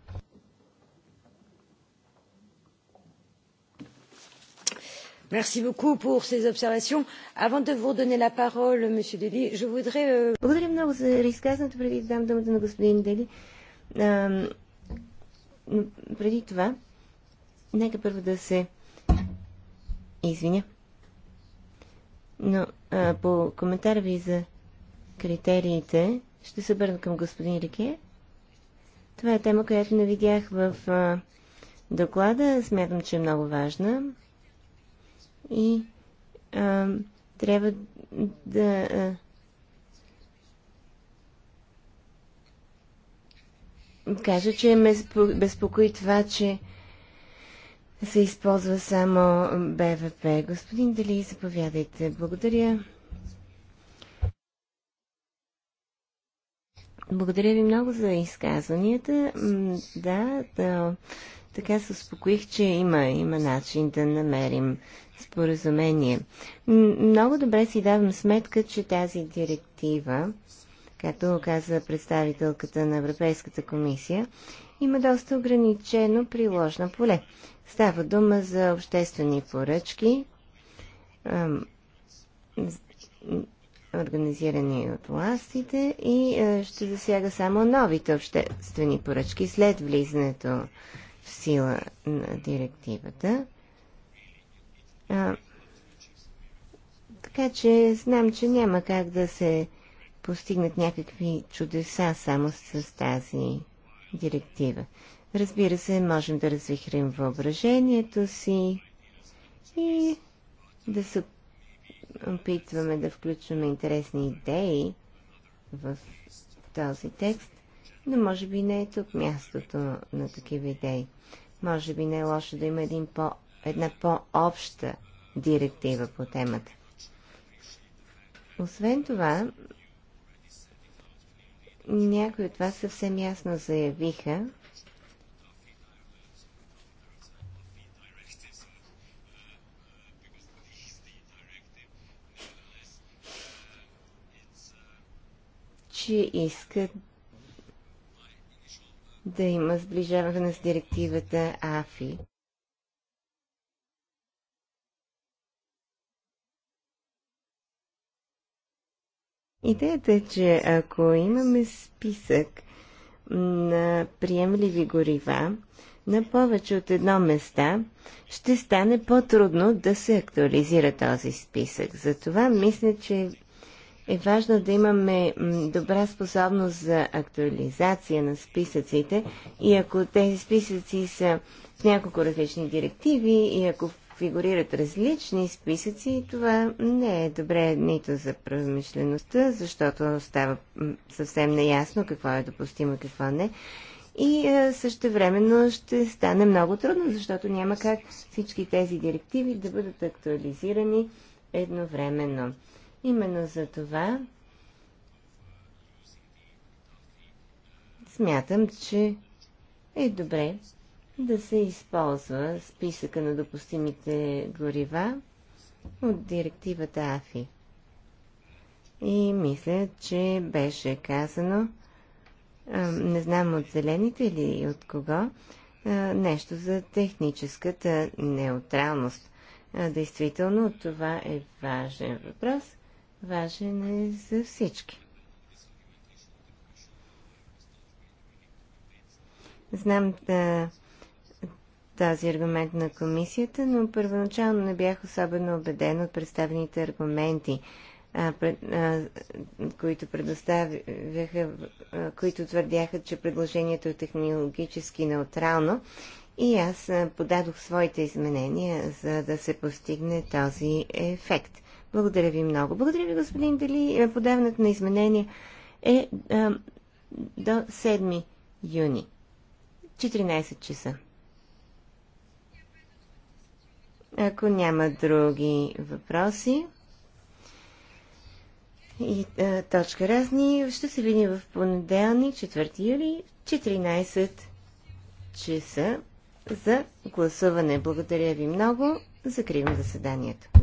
Speaker 3: Merci beaucoup
Speaker 1: pour ces observations. Avant de vous donner la parole, M. Deli, je voudrais... Euh, Благодаря много за
Speaker 3: изказването, преди да дам думата на господин Дели. Преди това, нека първо да се Извиня. Но а, по коментар ви за критериите, ще се обърна към господин Рике. Това е тема, която не видях в а, доклада. Смятам, че е много важна. И а, трябва да. А, кажа, че ме безпокои това, че се използва само БВП. Господин Дали, заповядайте. Благодаря. Благодаря ви много за изказванията. Да, да така се успокоих, че има, има начин да намерим споразумение. Много добре си давам сметка, че тази директива, както каза представителката на Европейската комисия, има доста ограничено приложно поле. Става дума за обществени поръчки, организирани от властите и ще засяга само новите обществени поръчки след влизането в сила на директивата. така че знам, че няма как да се постигнат някакви чудеса само с тази директива. Разбира се, можем да развихрим въображението си и да се опитваме да включваме интересни идеи в този текст, но може би не е тук мястото на такива идеи. Може би не е лошо да има един по, една по-обща директива по темата. Освен това, някои от вас съвсем ясно заявиха, че искат да има сближаване с директивата АФИ. Идеята е, че ако имаме списък на приемливи горива на повече от едно места, ще стане по-трудно да се актуализира този списък. Затова мисля, че е важно да имаме добра способност за актуализация на списъците и ако тези списъци са в няколко различни директиви и ако фигурират различни списъци и това не е добре нито за промишлеността, защото става съвсем неясно какво е допустимо и какво не. И е, също времено ще стане много трудно, защото няма как всички тези директиви да бъдат актуализирани едновременно. Именно за това смятам, че е добре да се използва списъка на допустимите горива от директивата АФИ. И мисля, че беше казано, не знам от зелените или от кого, нещо за техническата неутралност. Действително, това е важен въпрос. Важен е за всички. Знам да този аргумент на комисията, но първоначално не бях особено убеден от представените аргументи, а, пред, а, които предоставяха, а, които твърдяха, че предложението е технологически неутрално и аз подадох своите изменения, за да се постигне този ефект. Благодаря ви много. Благодаря ви, господин Дали. Е, подаването на изменения е а, до 7 юни, 14 часа. Ако няма други въпроси и а, е, точка разни, ще се видим в понеделник, 4 юли, 14 часа за гласуване. Благодаря ви много. Закривам заседанието.